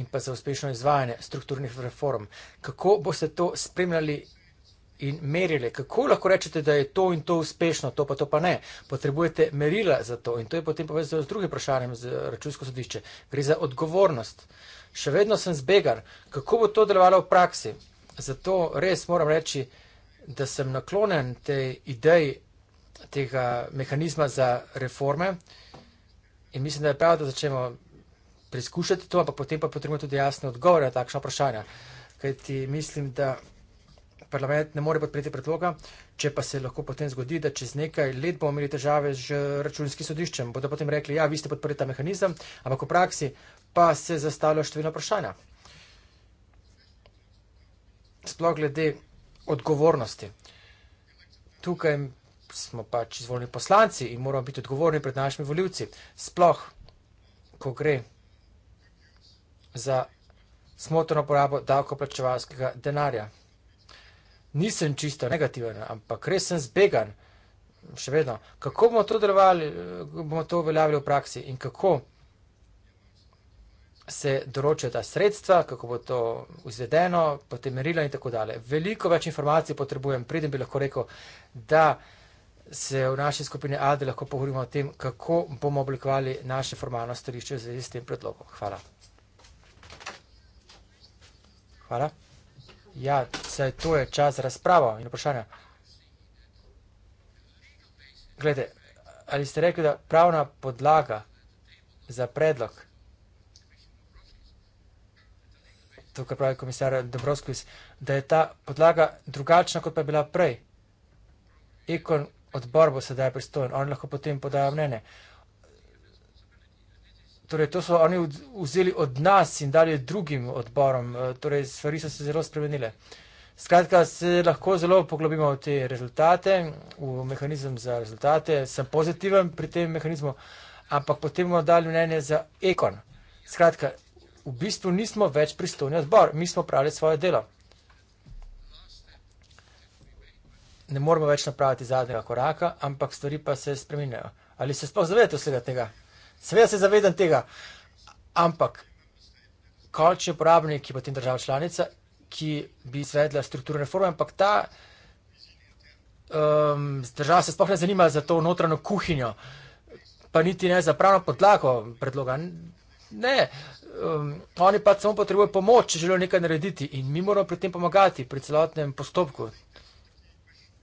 in pa za uspešno izvajanje strukturnih reform. Kako boste to spremljali in merile. Kako lahko rečete, da je to in to uspešno, to pa to pa ne? Potrebujete merila za to in to je potem povezano z drugim vprašanjem z računsko sodišče. Gre za odgovornost. Še vedno sem zbegar. Kako bo to delovalo v praksi? Zato res moram reči, da sem naklonjen tej ideji tega mehanizma za reforme in mislim, da je prav, da začnemo preizkušati to, ampak potem pa potrebujemo tudi jasne odgovore na takšna vprašanja. Kajti mislim, da parlament ne more podpreti predloga, če pa se lahko potem zgodi, da čez nekaj let bomo imeli težave z računskim sodiščem. Bodo potem rekli, ja, vi ste podprli ta mehanizem, ampak v praksi pa se zastavlja številna vprašanja. Sploh glede odgovornosti. Tukaj smo pač izvoljeni poslanci in moramo biti odgovorni pred našimi voljivci. Sploh, ko gre za smotrno porabo davkoplačevalskega denarja nisem čisto negativen, ampak res sem zbegan, še vedno. Kako bomo to delovali, bomo to uveljavili v praksi in kako se določajo ta sredstva, kako bo to izvedeno, potem merila in tako dalje. Veliko več informacij potrebujem, preden bi lahko rekel, da se v naši skupini ADE lahko pogovorimo o tem, kako bomo oblikovali naše formalno stališče v zvezi s tem predlogom. Hvala. Hvala. Ja, saj to je čas za razpravo in vprašanja. Glede, ali ste rekli, da pravna podlaga za predlog, to, kar pravi komisar Dobrovskis, da je ta podlaga drugačna, kot pa je bila prej? Ikon odbor bo sedaj pristojen, on lahko potem podaja mnenje. Torej, to so oni vzeli od nas in dali drugim odborom. E, torej, stvari so se zelo spremenile. Skratka, se lahko zelo poglobimo v te rezultate, v mehanizem za rezultate. Sem pozitiven pri tem mehanizmu, ampak potem bomo dali mnenje za ekon. Skratka, v bistvu nismo več pristojni odbor, mi smo pravili svoje delo. Ne moramo več napraviti zadnjega koraka, ampak stvari pa se spremenjajo. Ali se sploh zavedate vsega tega? Sve se zavedam tega, ampak končni uporabnik je potem država članica, ki bi izvedla strukturne reforme, ampak ta um, država se sploh ne zanima za to notranjo kuhinjo, pa niti ne za pravno podlago predloga. Ne, um, oni pa samo potrebujejo pomoč, če želijo nekaj narediti in mi moramo pri tem pomagati, pri celotnem postopku.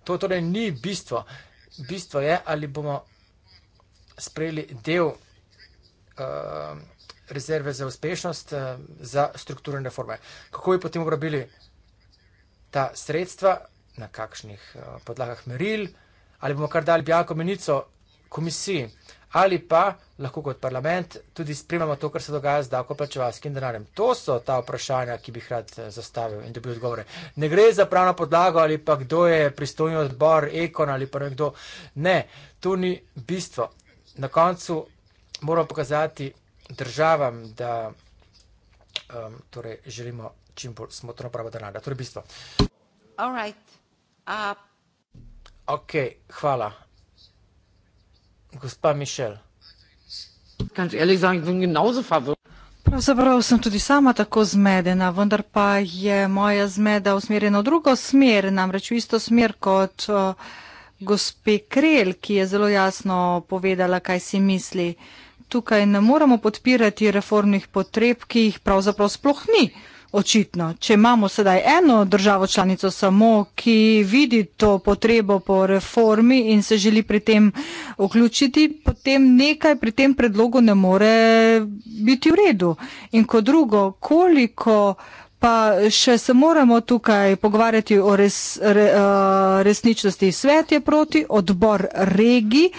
To torej ni bistvo. Bistvo je, ali bomo sprejeli del Um, rezerve za uspešnost uh, za strukturne reforme. Kako bi potem uporabili ta sredstva, na kakšnih uh, podlagah meril, ali bomo kar dali bjako menico komisiji, ali pa lahko kot parlament tudi spremljamo to, kar se dogaja z davkoplačevalskim denarjem. To so ta vprašanja, ki bi jih rad uh, zastavil in dobil odgovore. Ne gre za pravno podlago ali pa kdo je pristojni odbor, ekon ali pa nekdo. Ne, to ni bistvo. Na koncu moramo pokazati državam, da um, torej želimo čim bolj smotrno pravo denarja. To torej je bistvo. Right. Uh... Ok, hvala. Gospa Mišel. Pravzaprav sem tudi sama tako zmedena, vendar pa je moja zmeda usmerjena v drugo smer, namreč v isto smer kot uh, gospe Krel, ki je zelo jasno povedala, kaj si misli. Uh, tukaj ne moremo podpirati reformnih potreb, ki jih pravzaprav sploh ni. Očitno, če imamo sedaj eno državo članico samo, ki vidi to potrebo po reformi in se želi pri tem vključiti, potem nekaj pri tem predlogu ne more biti v redu. In kot drugo, koliko pa še se moramo tukaj pogovarjati o res, re, eh, resničnosti. Svet je proti, odbor regi,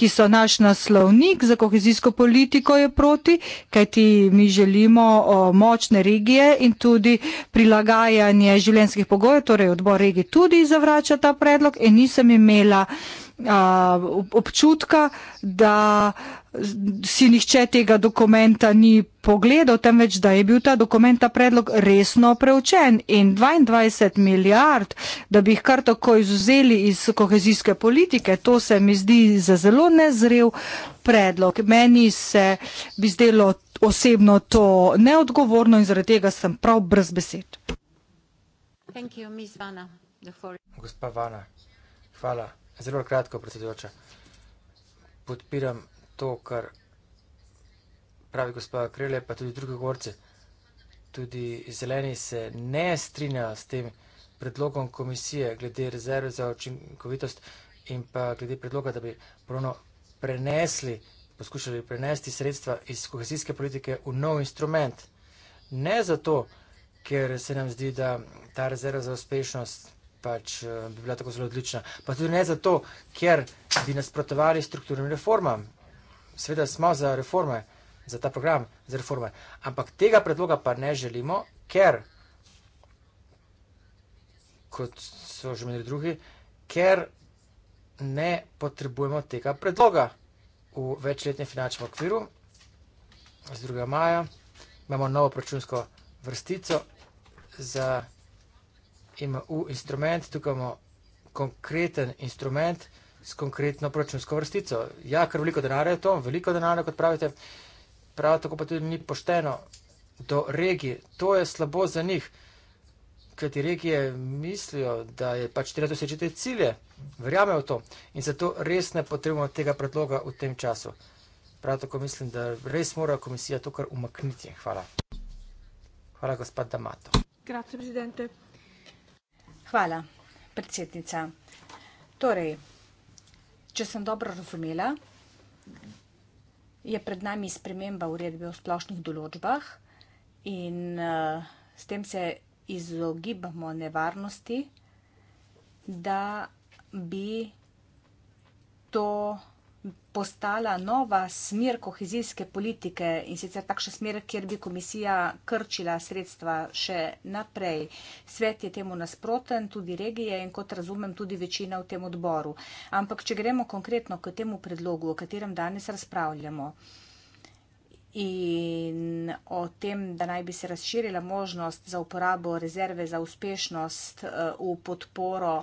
ki so naš naslovnik za kohezijsko politiko, je proti, kajti mi želimo močne regije in tudi prilagajanje življenskih pogojev, torej odbor regi tudi zavrača ta predlog in nisem imela a, občutka, da si nihče tega dokumenta ni pogledal, temveč da je bil ta dokument, ta predlog resno preučen in 22 milijard, da bi jih kar tako izuzeli iz kohezijske politike, to se mi zdi za zelo nezrev predlog. Meni se bi zdelo osebno to neodgovorno in zaradi tega sem prav brez besed. Gospa Vana, hvala. Zelo kratko, predsedujoča. Podpiram to, kar pravi gospoda Krele, pa tudi druge govorce. Tudi zeleni se ne strinjajo s tem predlogom komisije glede rezerve za očinkovitost in pa glede predloga, da bi ponovno prenesli, poskušali prenesti sredstva iz kohezijske politike v nov instrument. Ne zato, ker se nam zdi, da ta rezerva za uspešnost pač eh, bi bila tako zelo odlična, pa tudi ne zato, ker bi nasprotovali strukturnim reformam seveda smo za reforme, za ta program, za reforme, ampak tega predloga pa ne želimo, ker, kot so že menili drugi, ker ne potrebujemo tega predloga v večletnem finančnem okviru. Z 2. maja imamo novo računsko vrstico za IMU instrument, tukaj imamo konkreten instrument s konkretno proračunsko vrstico. Ja, ker veliko denarja je to, veliko denarja, kot pravite, prav tako pa tudi ni pošteno do regije. To je slabo za njih, ker ti regije mislijo, da je pač treba doseči te cilje, verjamejo v to in zato res ne potrebujemo tega predloga v tem času. Prav tako mislim, da res mora komisija to kar umakniti. Hvala. Hvala, gospod Damato. Grazie, Hvala, predsednica. Torej, Če sem dobro razumela, je pred nami sprememba uredbe o splošnih določbah in uh, s tem se izogibamo nevarnosti, da bi to postala nova smer kohezijske politike in sicer takšna smer, kjer bi komisija krčila sredstva še naprej. Svet je temu nasproten, tudi regije in kot razumem tudi večina v tem odboru. Ampak, če gremo konkretno k temu predlogu, o katerem danes razpravljamo in o tem, da naj bi se razširila možnost za uporabo rezerve za uspešnost eh, v podporo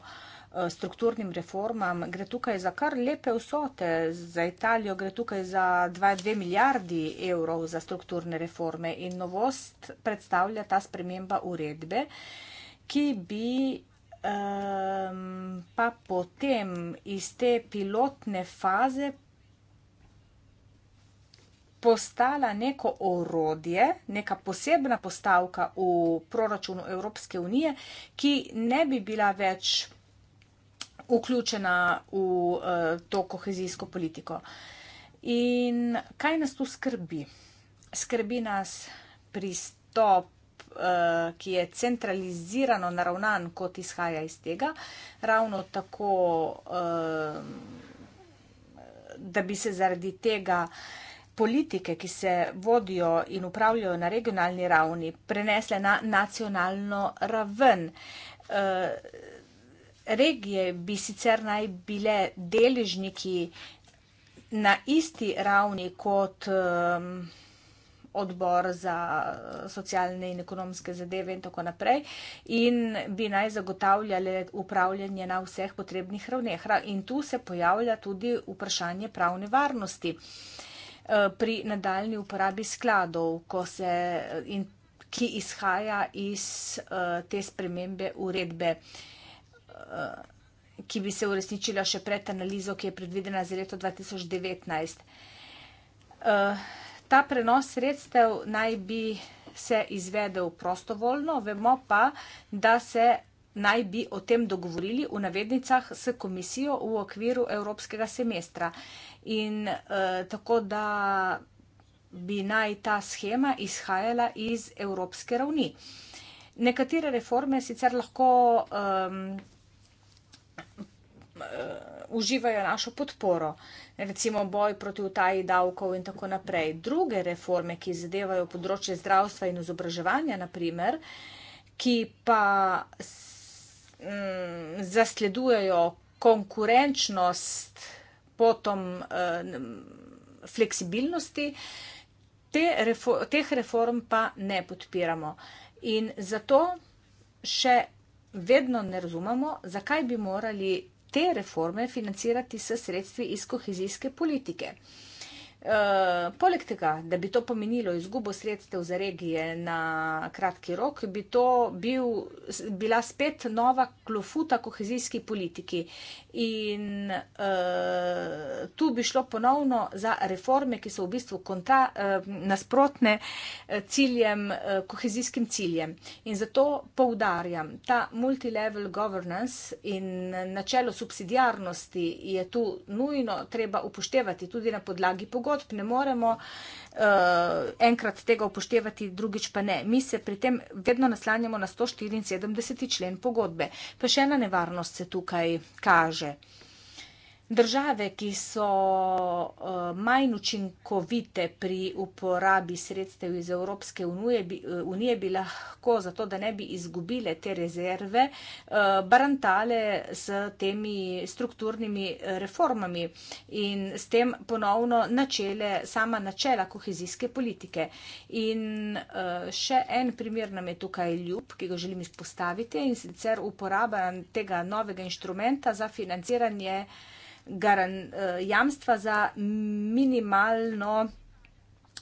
Eh, strukturnim reformam, gre tukaj za kar lepe vsote, za Italijo gre tukaj za 2 milijardi evrov za strukturne reforme in novost predstavlja ta sprememba uredbe, ki bi um, pa potem iz te pilotne faze postala neko orodje, neka posebna postavka v proračunu Evropske unije, ki ne bi bila več vključena v eh, to kohezijsko politiko. In kaj nas tu skrbi? Skrbi nas pristop eh, ki je centralizirano naravnan, kot izhaja iz tega, ravno tako, eh, da bi se zaradi tega politike, ki se vodijo in upravljajo na regionalni ravni, prenesle na nacionalno raven regije bi sicer naj bile deležniki na isti ravni kot um, odbor za socialne in ekonomske zadeve in tako naprej in bi naj zagotavljale upravljanje na vseh potrebnih ravneh. In tu se pojavlja tudi vprašanje pravne varnosti uh, pri nadaljni uporabi skladov, ko se in ki izhaja iz uh, te spremembe uredbe. Eh, ki bi se uresničila še pred analizo, ki je predvidena za leto 2019. Eh, ta prenos sredstev naj bi se izvedel prostovoljno, vemo pa, da se naj bi o tem dogovorili v navednicah s komisijo v okviru evropskega semestra. In eh, tako da bi naj ta schema izhajala iz evropske ravni. Nekatere reforme sicer lahko ehm, Eh, uživajo našo podporo, recimo boj proti utaji davkov in tako naprej. Druge reforme, ki zadevajo področje zdravstva in izobraževanja, naprimer, ki pa mm, zasledujejo konkurenčnost potom mm, fleksibilnosti, te refor teh reform pa ne podpiramo. In zato še vedno ne razumemo, zakaj bi morali te reforme financirati s sredstvi iz kohezijske politike. Eh, poleg tega, da bi to pomenilo izgubo sredstev za regije na kratki rok, bi to bil, bila spet nova klofuta kohezijski politiki. In uh, tu bi šlo ponovno za reforme, ki so v bistvu konta, uh, eh, nasprotne ciljem, uh, kohezijskim ciljem. In zato poudarjam, ta multilevel governance in načelo subsidijarnosti je tu nujno treba upoštevati tudi na podlagi pogodb zgodb, ne moremo uh, enkrat tega upoštevati, drugič pa ne. Mi se pri tem vedno naslanjamo na 174. člen pogodbe. Pa še ena nevarnost se tukaj kaže. Države, ki so uh, manj učinkovite pri uporabi sredstev iz Evropske unije bi, uh, unije, bi lahko zato, da ne bi izgubile te rezerve, uh, barantale s temi strukturnimi reformami in s tem ponovno načele, sama načela kohezijske politike. In uh, še en primer nam je tukaj ljub, ki ga želim izpostaviti in sicer uporaba tega novega inštrumenta za financiranje uh, garan, eh, jamstva za minimalno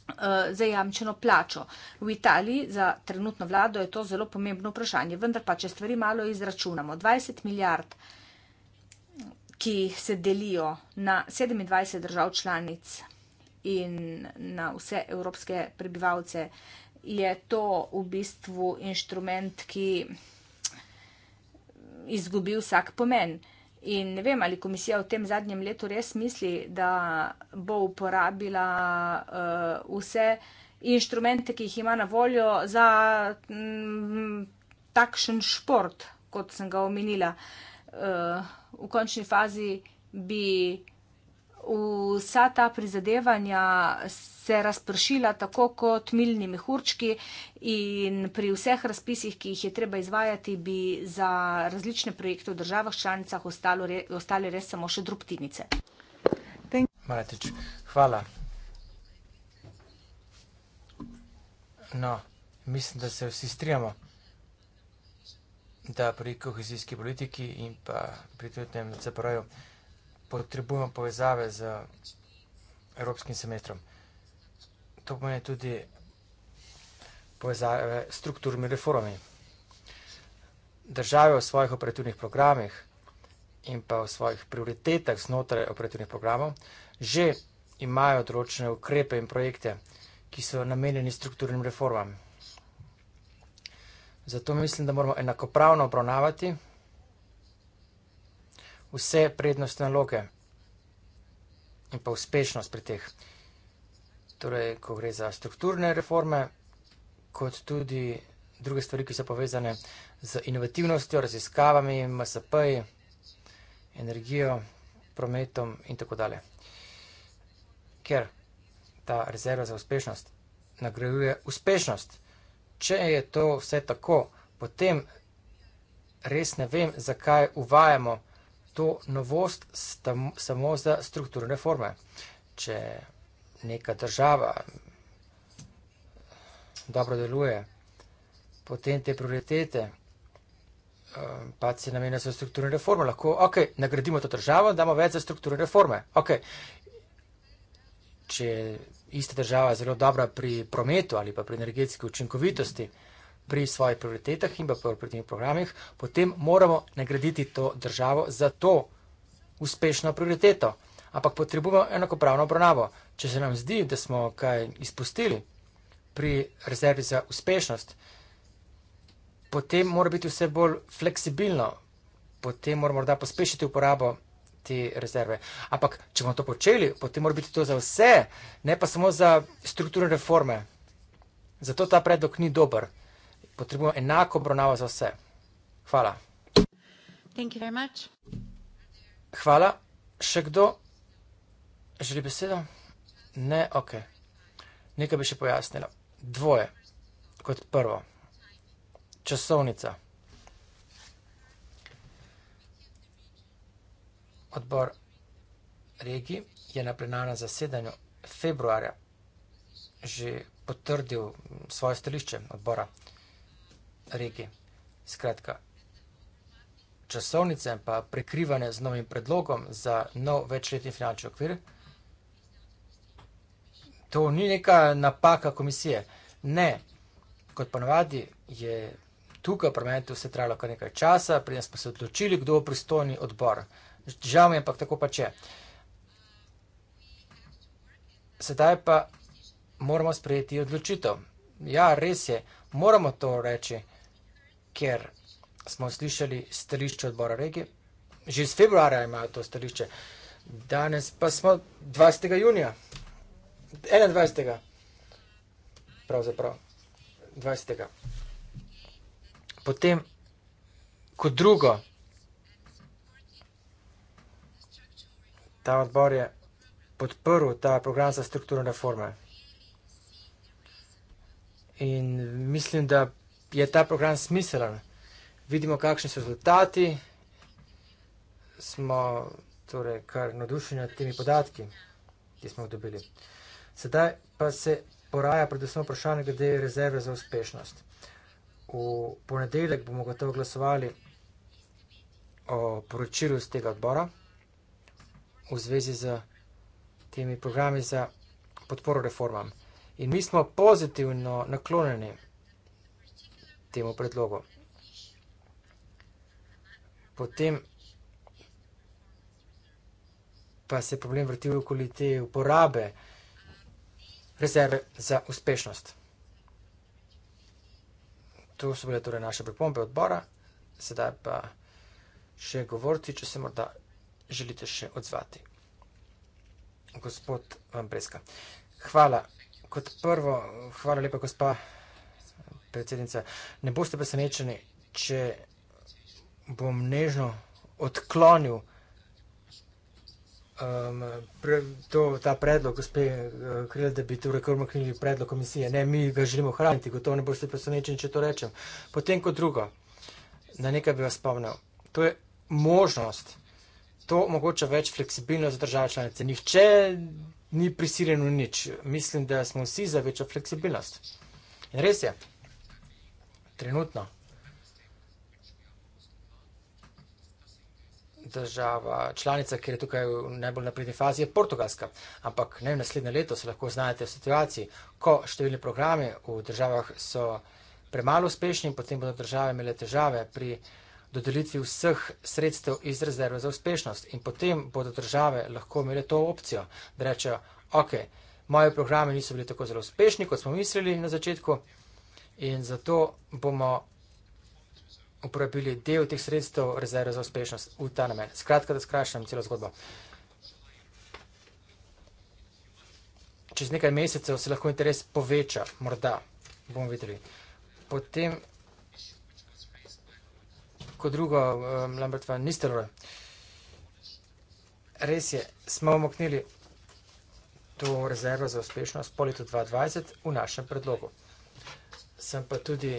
eh, zajamčeno plačo. V Italiji za trenutno vlado je to zelo pomembno vprašanje, vendar pa, če stvari malo izračunamo, 20 milijard, ki se delijo na 27 držav članic in na vse evropske prebivalce, je to v bistvu inštrument, ki izgubi vsak pomen. In ne vem, ali komisija v tem zadnjem letu res misli, da bo uporabila uh, vse inštrumente, ki jih ima na voljo za m, mm, takšen šport, kot sem ga omenila. Uh, v končni fazi bi vsa ta prizadevanja. S, se razpršila tako kot milni mehurčki in pri vseh razpisih, ki jih je treba izvajati, bi za različne projekte v državah članicah re, ostale res samo še drobtinice. Maratič, hvala. No, mislim, da se vsi strijamo da pri kohezijski politiki in pa pri tem CPR-ju potrebujemo povezave z evropskim semestrom to pomeni tudi povezave s strukturnimi reformami. Države v svojih operativnih programih in pa v svojih prioritetah znotraj operativnih programov že imajo določene ukrepe in projekte, ki so namenjeni strukturnim reformam. Zato mislim, da moramo enakopravno obravnavati vse prednostne naloge in pa uspešnost pri teh torej ko gre za strukturne reforme, kot tudi druge stvari, ki so povezane z inovativnostjo, raziskavami, MSP, energijo, prometom in tako dalje. Ker ta rezerva za uspešnost nagrajuje uspešnost. Če je to vse tako, potem res ne vem, zakaj uvajamo to novost samo za strukturne reforme. Če neka država dobro deluje, potem te prioritete, eh, pa se namenja za strukturne reforme. Lahko, ok, nagradimo to državo, damo več za strukturne reforme. Ok, če je ista država zelo dobra pri prometu ali pa pri energetski učinkovitosti, pri svojih prioritetah in pa pri tem programih, potem moramo nagraditi to državo za to uspešno prioriteto ampak potrebujemo enakopravno obravnavo. Če se nam zdi, da smo kaj izpustili pri rezervi za uspešnost, potem mora biti vse bolj fleksibilno, potem moramo morda pospešiti uporabo te rezerve. Ampak, če bomo to počeli, potem mora biti to za vse, ne pa samo za strukturne reforme. Zato ta predlog ni dober. Potrebujemo enako obravnavo za vse. Hvala. Hvala. Še kdo? Želi besedo? Ne, ok. Nekaj bi še pojasnila. Dvoje. Kot prvo. Časovnica. Odbor regij je na plenarnem zasedanju februarja že potrdil svoje stališče odbora regij. Skratka, časovnice pa prekrivane z novim predlogom za nov večletni finančni okvir to ni neka napaka komisije. Ne, kot ponavadi je tukaj v parlamentu vse trajalo kar nekaj časa, preden smo se odločili, kdo bo pristojni odbor. Žal mi je, ampak tako pa če. Sedaj pa moramo sprejeti odločitev. Ja, res je, moramo to reči, ker smo slišali stališče odbora regije. Že iz februarja imajo to stališče. Danes pa smo 20. junija. 21. Pravzaprav 20. Potem, kot drugo, ta odbor je podprl ta program za strukturne reforme. In mislim, da je ta program smiselen. Vidimo, kakšni so rezultati, smo torej kar nadušeni nad temi podatki, ki smo jih dobili. Sedaj pa se poraja predvsem vprašanje glede rezerve za uspešnost. V ponedeljek bomo gotovo glasovali o poročilu z tega odbora v zvezi z temi programi za podporo reformam. In mi smo pozitivno naklonjeni temu predlogu. Potem pa se problem vrti v okolitev uporabe rezerve za uspešnost. Tu so bile torej naše pripombe odbora, sedaj pa še govorci, če se morda želite še odzvati. Gospod Breska. Hvala. Kot prvo, hvala lepa, gospa predsednica. Ne boste presenečeni, če bom nežno odklonil vsega, um, pre, to, ta predlog, gospe, eh, krila, da bi to rekel, umaknili predlog komisije. Ne, mi ga želimo hraniti, gotovo ne boste presenečeni, če to rečem. Potem kot drugo, na nekaj bi vas spomnil. To je možnost. To omogoča več fleksibilnosti za države članice. Nihče ni prisiljen v nič. Mislim, da smo vsi za večjo fleksibilnost. In res je, trenutno. država, članica, ki je tukaj v najbolj napredni fazi, je Portugalska. Ampak ne v naslednje leto se lahko znajdete v situaciji, ko številni programi v državah so premalo uspešni in potem bodo države imele težave pri dodelitvi vseh sredstev iz rezerve za uspešnost. In potem bodo države lahko imele to opcijo, da rečejo, ok, moje programe niso bili tako zelo uspešni, kot smo mislili na začetku. In zato bomo uporabili del teh sredstev rezerve za uspešnost v ta namen. Skratka, da skrašam celo zgodbo. Čez nekaj mesecev se lahko interes poveča, morda, bomo videli. Potem, kot drugo, um, Lambert van Nistelrooy. Res je, smo omoknili to rezervo za uspešnost po letu 2020 v našem predlogu. Sem pa tudi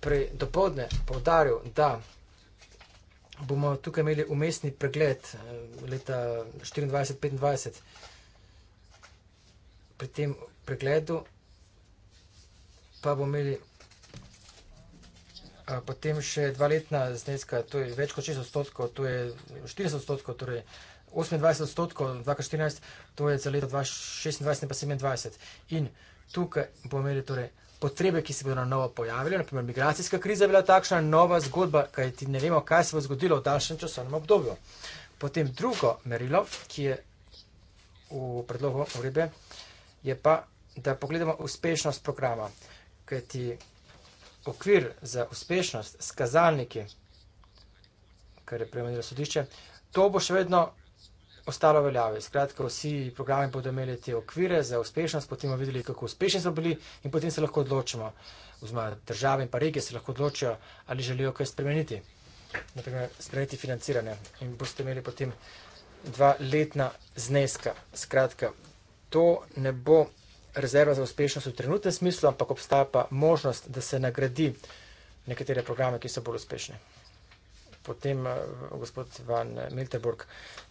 prej dopoledne povdaril, da bomo tukaj imeli umestni pregled eh, leta 2024-2025. Pri tem pregledu pa bomo imeli eh, potem še dva letna zneska, to je več kot 6 odstotkov, to je 40 odstotkov, torej 28 odstotkov, 2014, to je za leto 2026 in pa 2027. In tukaj bomo imeli torej potrebe, ki se bodo na novo pojavile, naprimer migracijska kriza je bila takšna nova zgodba, kaj ti ne vemo, kaj se bo zgodilo v daljšem časovnem obdobju. Potem drugo merilo, ki je v predlogu uribe, je pa, da pogledamo uspešnost programa, kaj ti okvir za uspešnost, skazalniki, kar je prejmenilo sodišče, to bo še vedno ostalo veljavi. Skratka, vsi programi bodo imeli te okvire za uspešnost, potem bomo videli, kako uspešni smo bili in potem se lahko odločimo, oziroma države in pa regije se lahko odločijo, ali želijo kaj spremeniti. Naprimer, spremeniti financiranje in boste imeli potem dva letna zneska. Skratka, to ne bo rezerva za uspešnost v trenutnem smislu, ampak obstaja pa možnost, da se nagradi nekatere programe, ki so bolj uspešni. Potem eh, gospod Van Milterburg.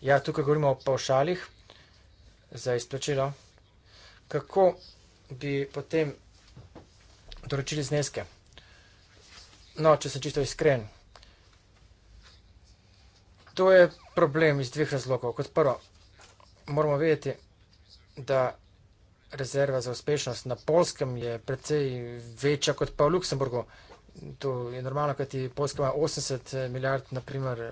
Ja, tukaj govorimo o pavšalih za izplačilo. Kako bi potem doročili zneske? No, če sem čisto iskren. To je problem iz dveh razlogov. Kot prvo, moramo vedeti, da rezerva za uspešnost na Polskem je precej večja kot pa v Luksemburgu to je normalno, kaj ti Poljska ima 80 eh, milijard, naprimer eh,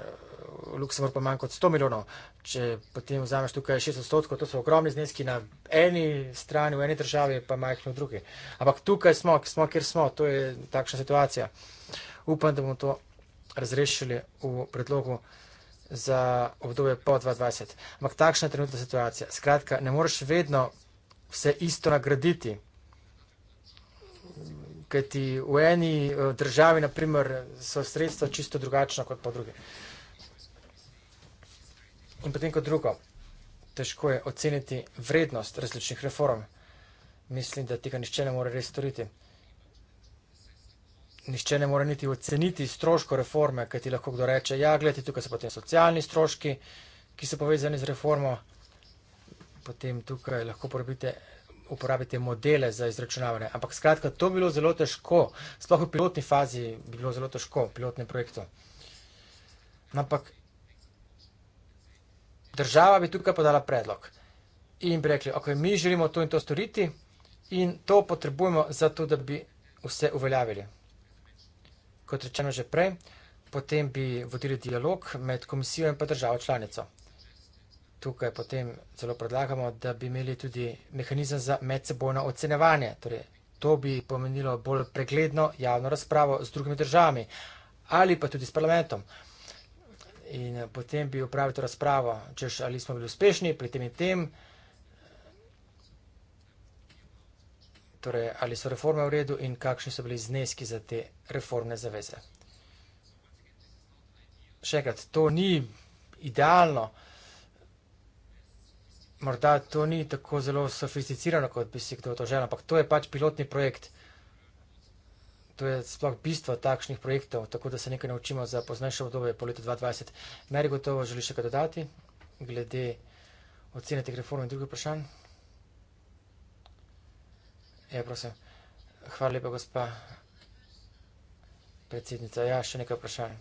Luksemburg pa manj kot 100 milijonov. Če potem vzameš tukaj 6 odstotkov, to so ogromni zneski na eni strani, v eni državi, pa majhni v drugi. Ampak tukaj smo, smo, kjer smo, to je takšna situacija. Upam, da bomo to razrešili v predlogu za obdobje po 2020. Ampak takšna je trenutna situacija. Skratka, ne moreš vedno vse isto nagraditi. Ker ti v eni eh, državi, naprimer, so sredstva čisto drugačna kot pa druge. In potem kot drugo, težko je oceniti vrednost različnih reform. Mislim, da tega nišče ne more res storiti. Nišče ne more niti oceniti stroško reforme, ker ti lahko kdo reče, ja, gledaj, tukaj so potem socialni stroški, ki so povezani z reformo, potem tukaj lahko porobite uporabiti modele za izračunavanje. Ampak skratka, to bi bilo zelo težko, sploh v pilotni fazi bi bilo zelo težko, v pilotnem projektu. Ampak država bi tukaj podala predlog in bi rekli, ok, mi želimo to in to storiti in to potrebujemo za to, da bi vse uveljavili. Kot rečeno že prej, potem bi vodili dialog med komisijo in pa državo članico tukaj potem celo predlagamo, da bi imeli tudi mehanizem za medsebojno ocenevanje. Torej, to bi pomenilo bolj pregledno javno razpravo z drugimi državami ali pa tudi s parlamentom. In eh, potem bi upravili to razpravo, češ ali smo bili uspešni pri tem in tem, torej ali so reforme v redu in kakšni so bili zneski za te reformne zaveze. Še enkrat, to ni idealno morda to ni tako zelo sofisticirano, kot bi si kdo to želel, ampak to je pač pilotni projekt. To je sploh bistvo takšnih projektov, tako da se nekaj naučimo za poznajše obdobje po letu 2020. Meri gotovo želi še kaj dodati, glede ocene teh reform in drugih vprašanj. Ja, prosim. Hvala lepa, gospa predsednica. Ja, še nekaj vprašanj.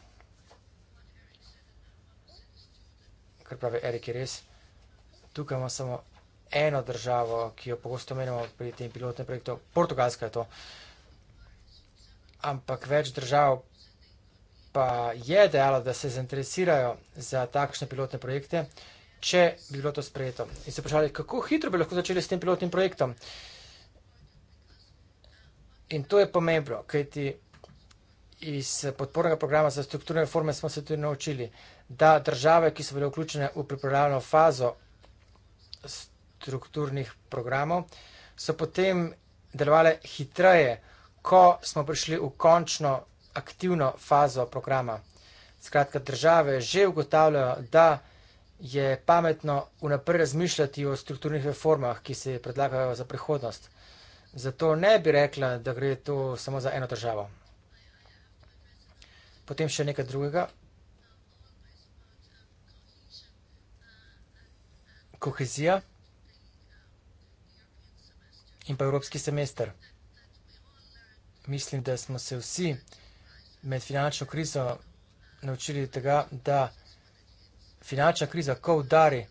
Kar pravi Erik, je res. Tukaj imamo samo eno državo, ki jo pogosto menimo pri tem pilotnem projektu, Portugalska je to. Ampak več držav pa je dejalo, da se zainteresirajo za takšne pilotne projekte, če bi bilo to sprejeto. In se vprašali, kako hitro bi lahko začeli s tem pilotnim projektom. In to je pomembno, kajti iz podpornega programa za strukturne reforme smo se tudi naučili, da države, ki so bile vključene v pripravljeno fazo, strukturnih programov, so potem delovale hitreje, ko smo prišli v končno aktivno fazo programa. Skratka, države že ugotavljajo, da je pametno vnaprej razmišljati o strukturnih reformah, ki se predlagajo za prihodnost. Zato ne bi rekla, da gre to samo za eno državo. Potem še nekaj drugega. kohezija in pa evropski semester. Mislim, da smo se vsi med finančno krizo naučili tega, da finančna kriza, ko udari,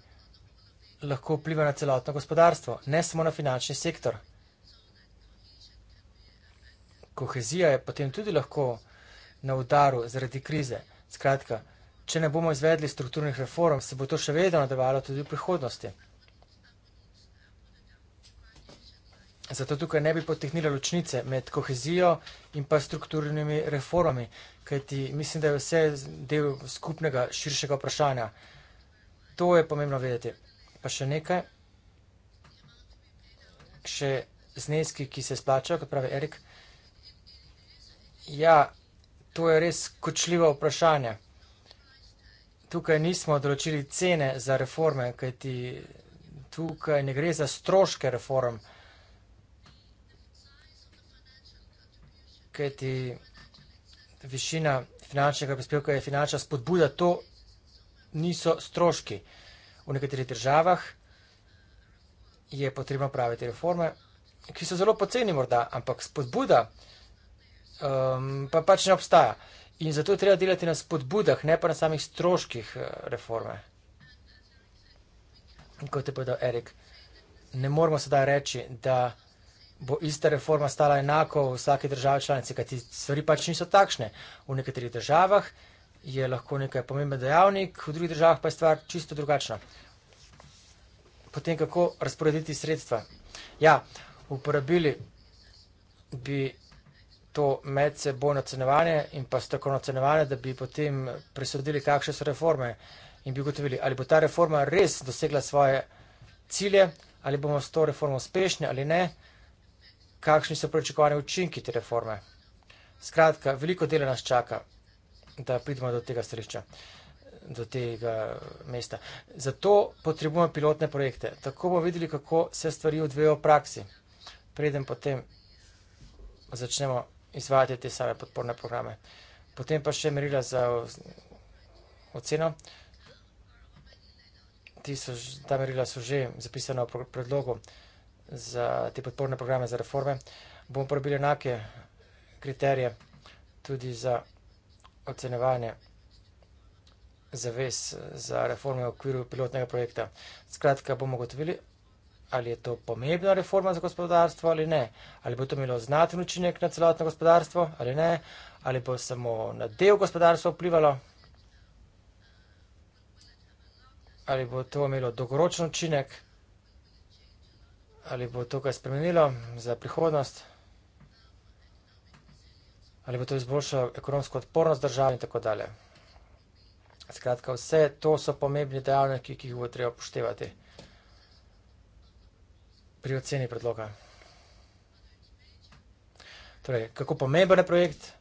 lahko vpliva na celotno gospodarstvo, ne samo na finančni sektor. Kohezija je potem tudi lahko na udaru zaradi krize. Skratka, Če ne bomo izvedli strukturnih reform, se bo to še vedno nadaljevalo tudi v prihodnosti. Zato tukaj ne bi potehnila ločnice med kohezijo in pa strukturnimi reformami, kajti mislim, da je vse del skupnega širšega vprašanja. To je pomembno vedeti. Pa še nekaj, še zneski, ki se splačajo, kot pravi Erik. Ja, to je res kočljivo vprašanje tukaj nismo določili cene za reforme, kajti tukaj ne gre za stroške reform. Kajti višina finančnega prispevka je finančna spodbuda, to niso stroški. V nekaterih državah je potrebno praviti reforme, ki so zelo poceni morda, ampak spodbuda um, pa pač ne obstaja. Uh, In zato je treba delati na spodbudah, ne pa na samih stroških eh, reforme. In kot je povedal Erik, ne moramo sedaj reči, da bo ista reforma stala enako v vsaki državi članici, kajti stvari pač niso takšne. V nekaterih državah je lahko nekaj pomemben dejavnik, v drugih državah pa je stvar čisto drugačna. Potem, kako razporediti sredstva? Ja, uporabili bi to medsebojno ocenjevanje in pa strokovno ocenjevanje, da bi potem presodili, kakšne so reforme in bi ugotovili, ali bo ta reforma res dosegla svoje cilje, ali bomo s to reformo uspešni ali ne, kakšni so pričakovani učinki te reforme. Skratka, veliko dela nas čaka, da pridemo do tega središča, do tega mesta. Zato potrebujemo pilotne projekte. Tako bomo videli, kako se stvari odvijajo v praksi. Preden potem začnemo izvajati te same podporne programe. Potem pa še merila za oceno. So, ta merila so že zapisana v predlogu za te podporne programe za reforme. Bomo porabili enake kriterije tudi za ocenevanje zavez eh, za reforme v okviru pilotnega projekta. Skratka, bomo gotovili ali je to pomembna reforma za gospodarstvo ali ne, ali bo to imelo znaten učinek na celotno gospodarstvo ali ne, ali bo samo na del gospodarstva vplivalo, ali bo to imelo dolgoročen učinek, ali bo to kaj spremenilo za prihodnost, ali bo to izboljšalo ekonomsko odpornost države in tako dalje. Skratka, vse to so pomembni dejavniki, ki jih bo treba upoštevati pri oceni predloga. Torej, kako pomemben je projekt,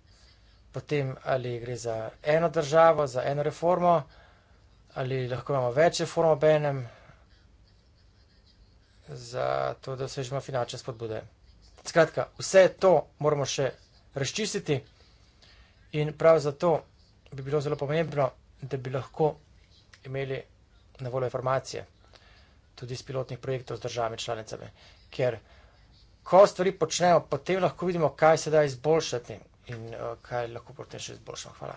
potem ali gre za eno državo, za eno reformo, ali lahko imamo več reform ob enem, za to, da osvežimo finančne spodbude. Skratka, vse to moramo še razčistiti in prav zato bi bilo zelo pomembno, da bi lahko imeli na voljo informacije tudi iz pilotnih projektov z državami članicami. Ker ko stvari počnemo, potem lahko vidimo, kaj se da izboljšati in uh, kaj lahko potem še izboljšamo. Hvala.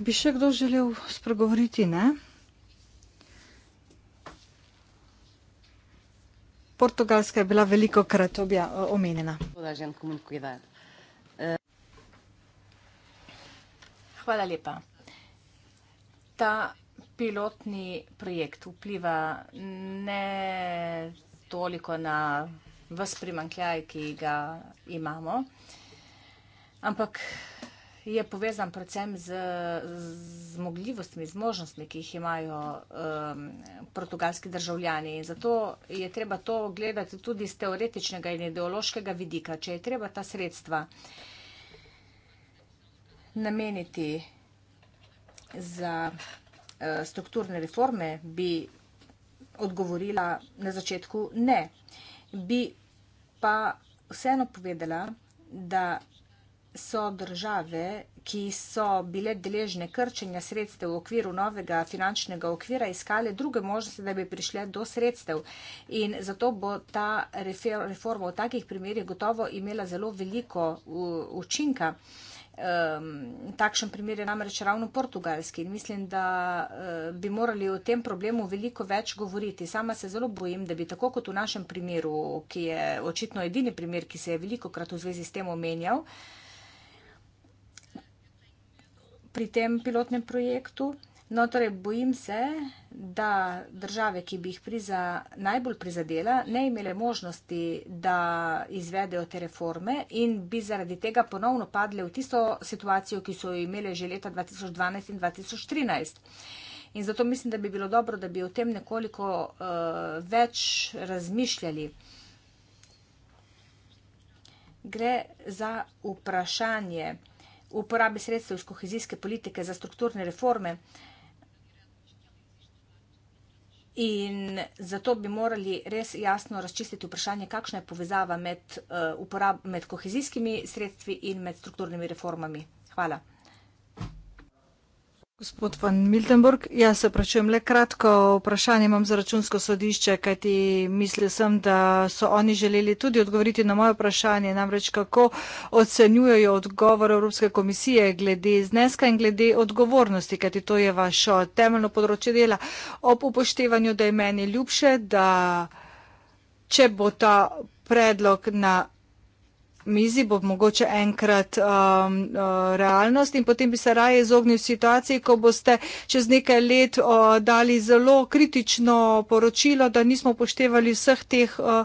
Bi še kdo želel spregovoriti, ne? Portugalska je bila veliko krat obja, omenjena. Hvala lepa ta pilotni projekt vpliva ne toliko na vse primankljaj, ki ga imamo, ampak je povezan predvsem z zmogljivostmi, z možnostmi, ki jih imajo um, portugalski državljani. In zato je treba to gledati tudi z teoretičnega in ideološkega vidika, če je treba ta sredstva nameniti za eh, strukturne reforme, bi odgovorila na začetku ne. Bi pa vseeno povedala, da so države, ki so bile deležne krčenja sredstev v okviru novega finančnega okvira, iskale druge možnosti, da bi prišle do sredstev. In zato bo ta reforma v takih primerjih gotovo imela zelo veliko učinka. Um, takšen primer je namreč ravno portugalski in mislim, da uh, bi morali o tem problemu veliko več govoriti. Sama se zelo bojim, da bi tako kot v našem primeru, ki je očitno edini primer, ki se je veliko krat v zvezi s tem omenjal, pri tem pilotnem projektu. No, torej bojim se, da države, ki bi jih priza, najbolj prizadela, ne imele možnosti, da izvedejo te reforme in bi zaradi tega ponovno padle v tisto situacijo, ki so jo imele že leta 2012 in 2013. In zato mislim, da bi bilo dobro, da bi o tem nekoliko uh, več razmišljali. Gre za vprašanje uporabe sredstev iz kohezijske politike za strukturne reforme. Uh, In zato bi morali res jasno razčistiti vprašanje, kakšna je povezava med, uh, uporab, med kohezijskimi sredstvi in med strukturnimi reformami. Hvala. Gospod van Miltenburg, jaz se prečujem le kratko vprašanje imam za računsko sodišče, kajti mislil sem, da so oni želeli tudi odgovoriti na moje vprašanje, namreč kako ocenjujejo odgovor Evropske komisije glede zneska in glede odgovornosti, kajti to je vašo temeljno področje dela ob upoštevanju, da je meni ljubše, da če bo ta predlog na mizi, bo mogoče enkrat um, uh, realnost in potem bi se raje izognil situaciji, ko boste čez nekaj let uh, dali zelo kritično poročilo, da nismo upoštevali vseh teh. Uh,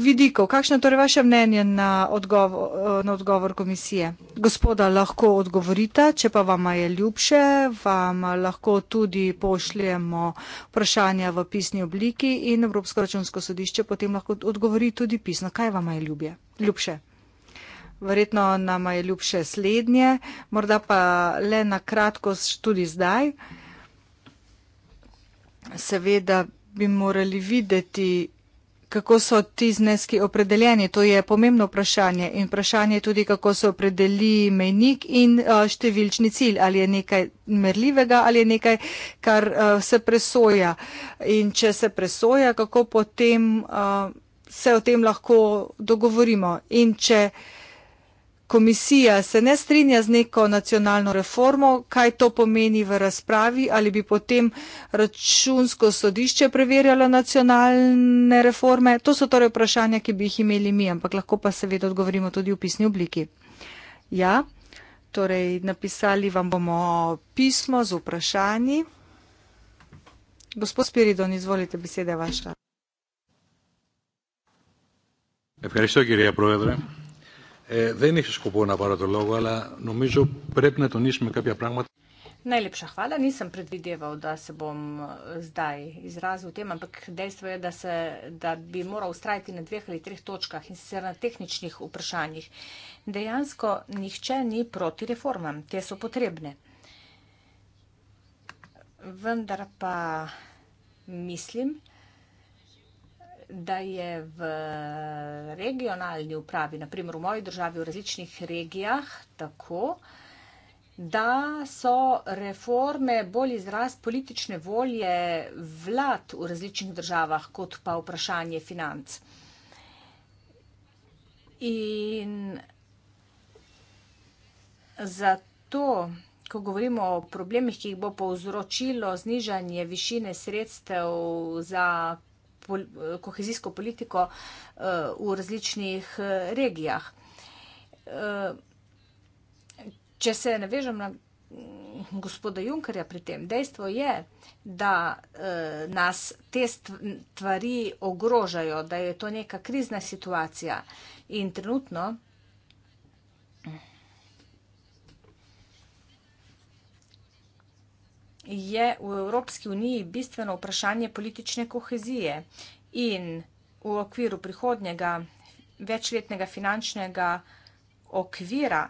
vidikov. Kakšno je torej vaše mnenje na odgovor, na odgovor komisije? Gospoda lahko odgovorite, če pa vama je ljubše, vam lahko tudi pošljemo vprašanja v pisni obliki in Evropsko računsko sodišče potem lahko odgovori tudi pisno. Kaj vam je ljubje? ljubše? Verjetno nam je ljubše slednje, morda pa le na kratko tudi zdaj. Seveda bi morali videti kako so ti zneski opredeljeni. To je pomembno vprašanje in vprašanje je tudi, kako se opredeli mejnik in eh, številčni cilj, ali je nekaj merljivega, ali je nekaj, kar eh, se presoja. In če se presoja, kako potem eh, se o tem lahko dogovorimo. In če komisija se ne strinja z neko nacionalno reformo, kaj to pomeni v razpravi, ali bi potem računsko sodišče preverjalo nacionalne reforme. To so torej vprašanja, ki bi jih imeli mi, ampak lahko pa seveda odgovorimo tudi v pisni obliki. Ja, torej napisali vam bomo pismo z vprašanji. Gospod Spiridon, izvolite, beseda je vaša. Evgenij Sogir je provedel. Δεν έχει σκοπό να πάρω το λόγο, αλλά νομίζω πρέπει να τονίσουμε κάποια πράγματα. Najlepša hvala. Nisem predvideval, da se bom eh, zdaj izrazil v tem, ampak dejstvo je, da, se, da bi moral ustrajati na dveh ali treh točkah in sicer na tehničnih vprašanjih. Dejansko nihče ni proti reformam, te so potrebne. Vendar pa mislim, da je v regionalni upravi, naprimer v moji državi, v različnih regijah, tako, da so reforme bolj izraz politične volje vlad v različnih državah, kot pa vprašanje financ. In zato, ko govorimo o problemih, ki jih bo povzročilo znižanje višine sredstev za pol, kohezijsko politiko eh, v različnih eh, regijah. Eh, če se navežem na mm, gospoda Junkerja pri tem, dejstvo je, da nas te stvari ogrožajo, da je to neka krizna situacija in trenutno je v Evropski uniji bistveno vprašanje politične kohezije in v okviru prihodnjega večletnega finančnega okvira,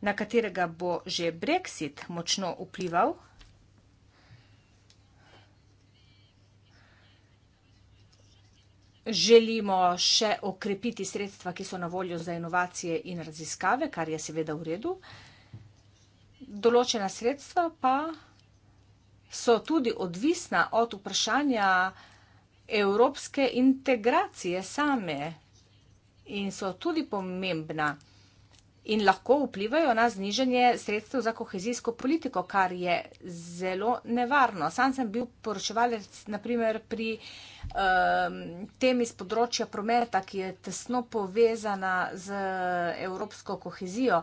na katerega bo že Brexit močno vplival, želimo še okrepiti sredstva, ki so na voljo za inovacije in raziskave, kar je seveda v redu, določena sredstva pa so tudi odvisna od vprašanja evropske integracije same in so tudi pomembna in lahko vplivajo na zniženje sredstev za kohezijsko politiko, kar je zelo nevarno. Sam sem bil poročevalec naprimer pri um, ehm, temi z področja prometa, ki je tesno povezana z evropsko kohezijo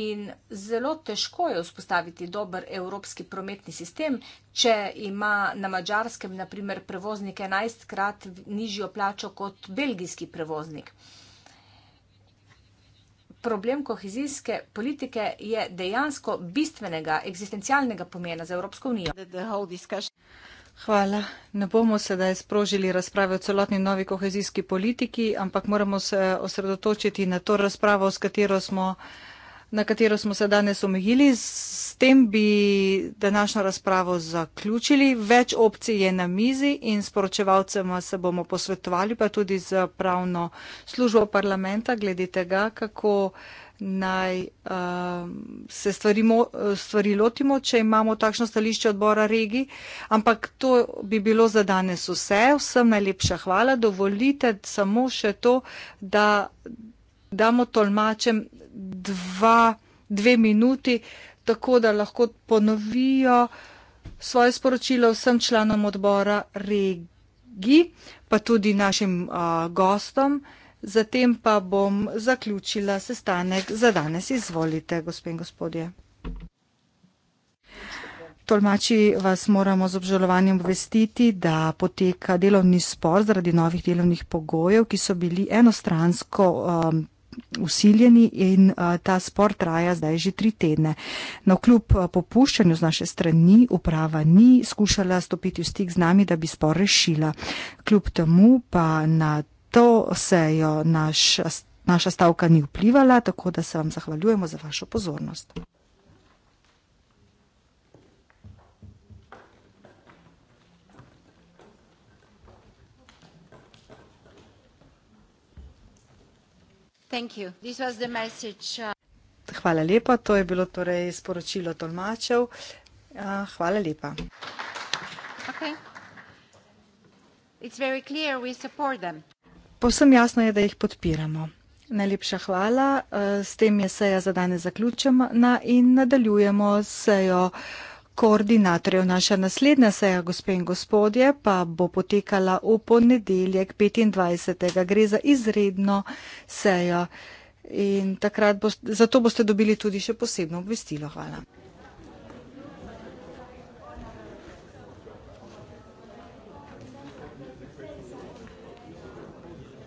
in zelo težko je vzpostaviti dober evropski prometni sistem, če ima na mačarskem naprimer prevoznik enajstkrat nižjo plačo kot belgijski prevoznik problem kohezijske politike je dejansko bistvenega, eksistencialnega pomena za Evropsko unijo. Hvala. Ne bomo sedaj sprožili razprave o celotni novi kohezijski politiki, ampak moramo se osredotočiti na to razpravo, s katero smo na katero smo se danes omejili. S tem bi današnjo razpravo zaključili. Več opcij je na mizi in sporočevalcema se bomo posvetovali, pa tudi z pravno službo parlamenta, glede tega, kako naj uh, se stvari, mo, stvari lotimo, če imamo takšno stališče odbora regi. Ampak to bi bilo za danes vse. Vsem najlepša hvala. Dovolite samo še to, da damo tolmačem dva, dve minuti, tako da lahko ponovijo svoje sporočilo vsem članom odbora regi, pa tudi našim a, gostom. Zatem pa bom zaključila sestanek za danes. Izvolite, gospe in gospodje. Tolmači vas moramo z obžalovanjem obvestiti, da poteka delovni spor zaradi novih delovnih pogojev, ki so bili enostransko um, usiljeni in eh, ta spor traja zdaj že tri tedne. No, kljub eh, popuščanju z naše strani, uprava ni skušala stopiti v stik z nami, da bi spor rešila. Kljub temu pa na to sejo naš, naša stavka ni vplivala, tako da se vam zahvaljujemo za vašo pozornost. Uh, hvala lepa, to je bilo torej sporočilo tolmačev. Hvala lepa. Okay. Povsem jasno je, da jih podpiramo. Najlepša hvala. S tem je seja za danes zaključena in nadaljujemo sejo koordinatorjev. Naša naslednja seja, gospe in gospodje, pa bo potekala v ponedeljek 25. Gre za izredno sejo. In takrat boste, zato boste dobili tudi še posebno obvestilo. Hvala.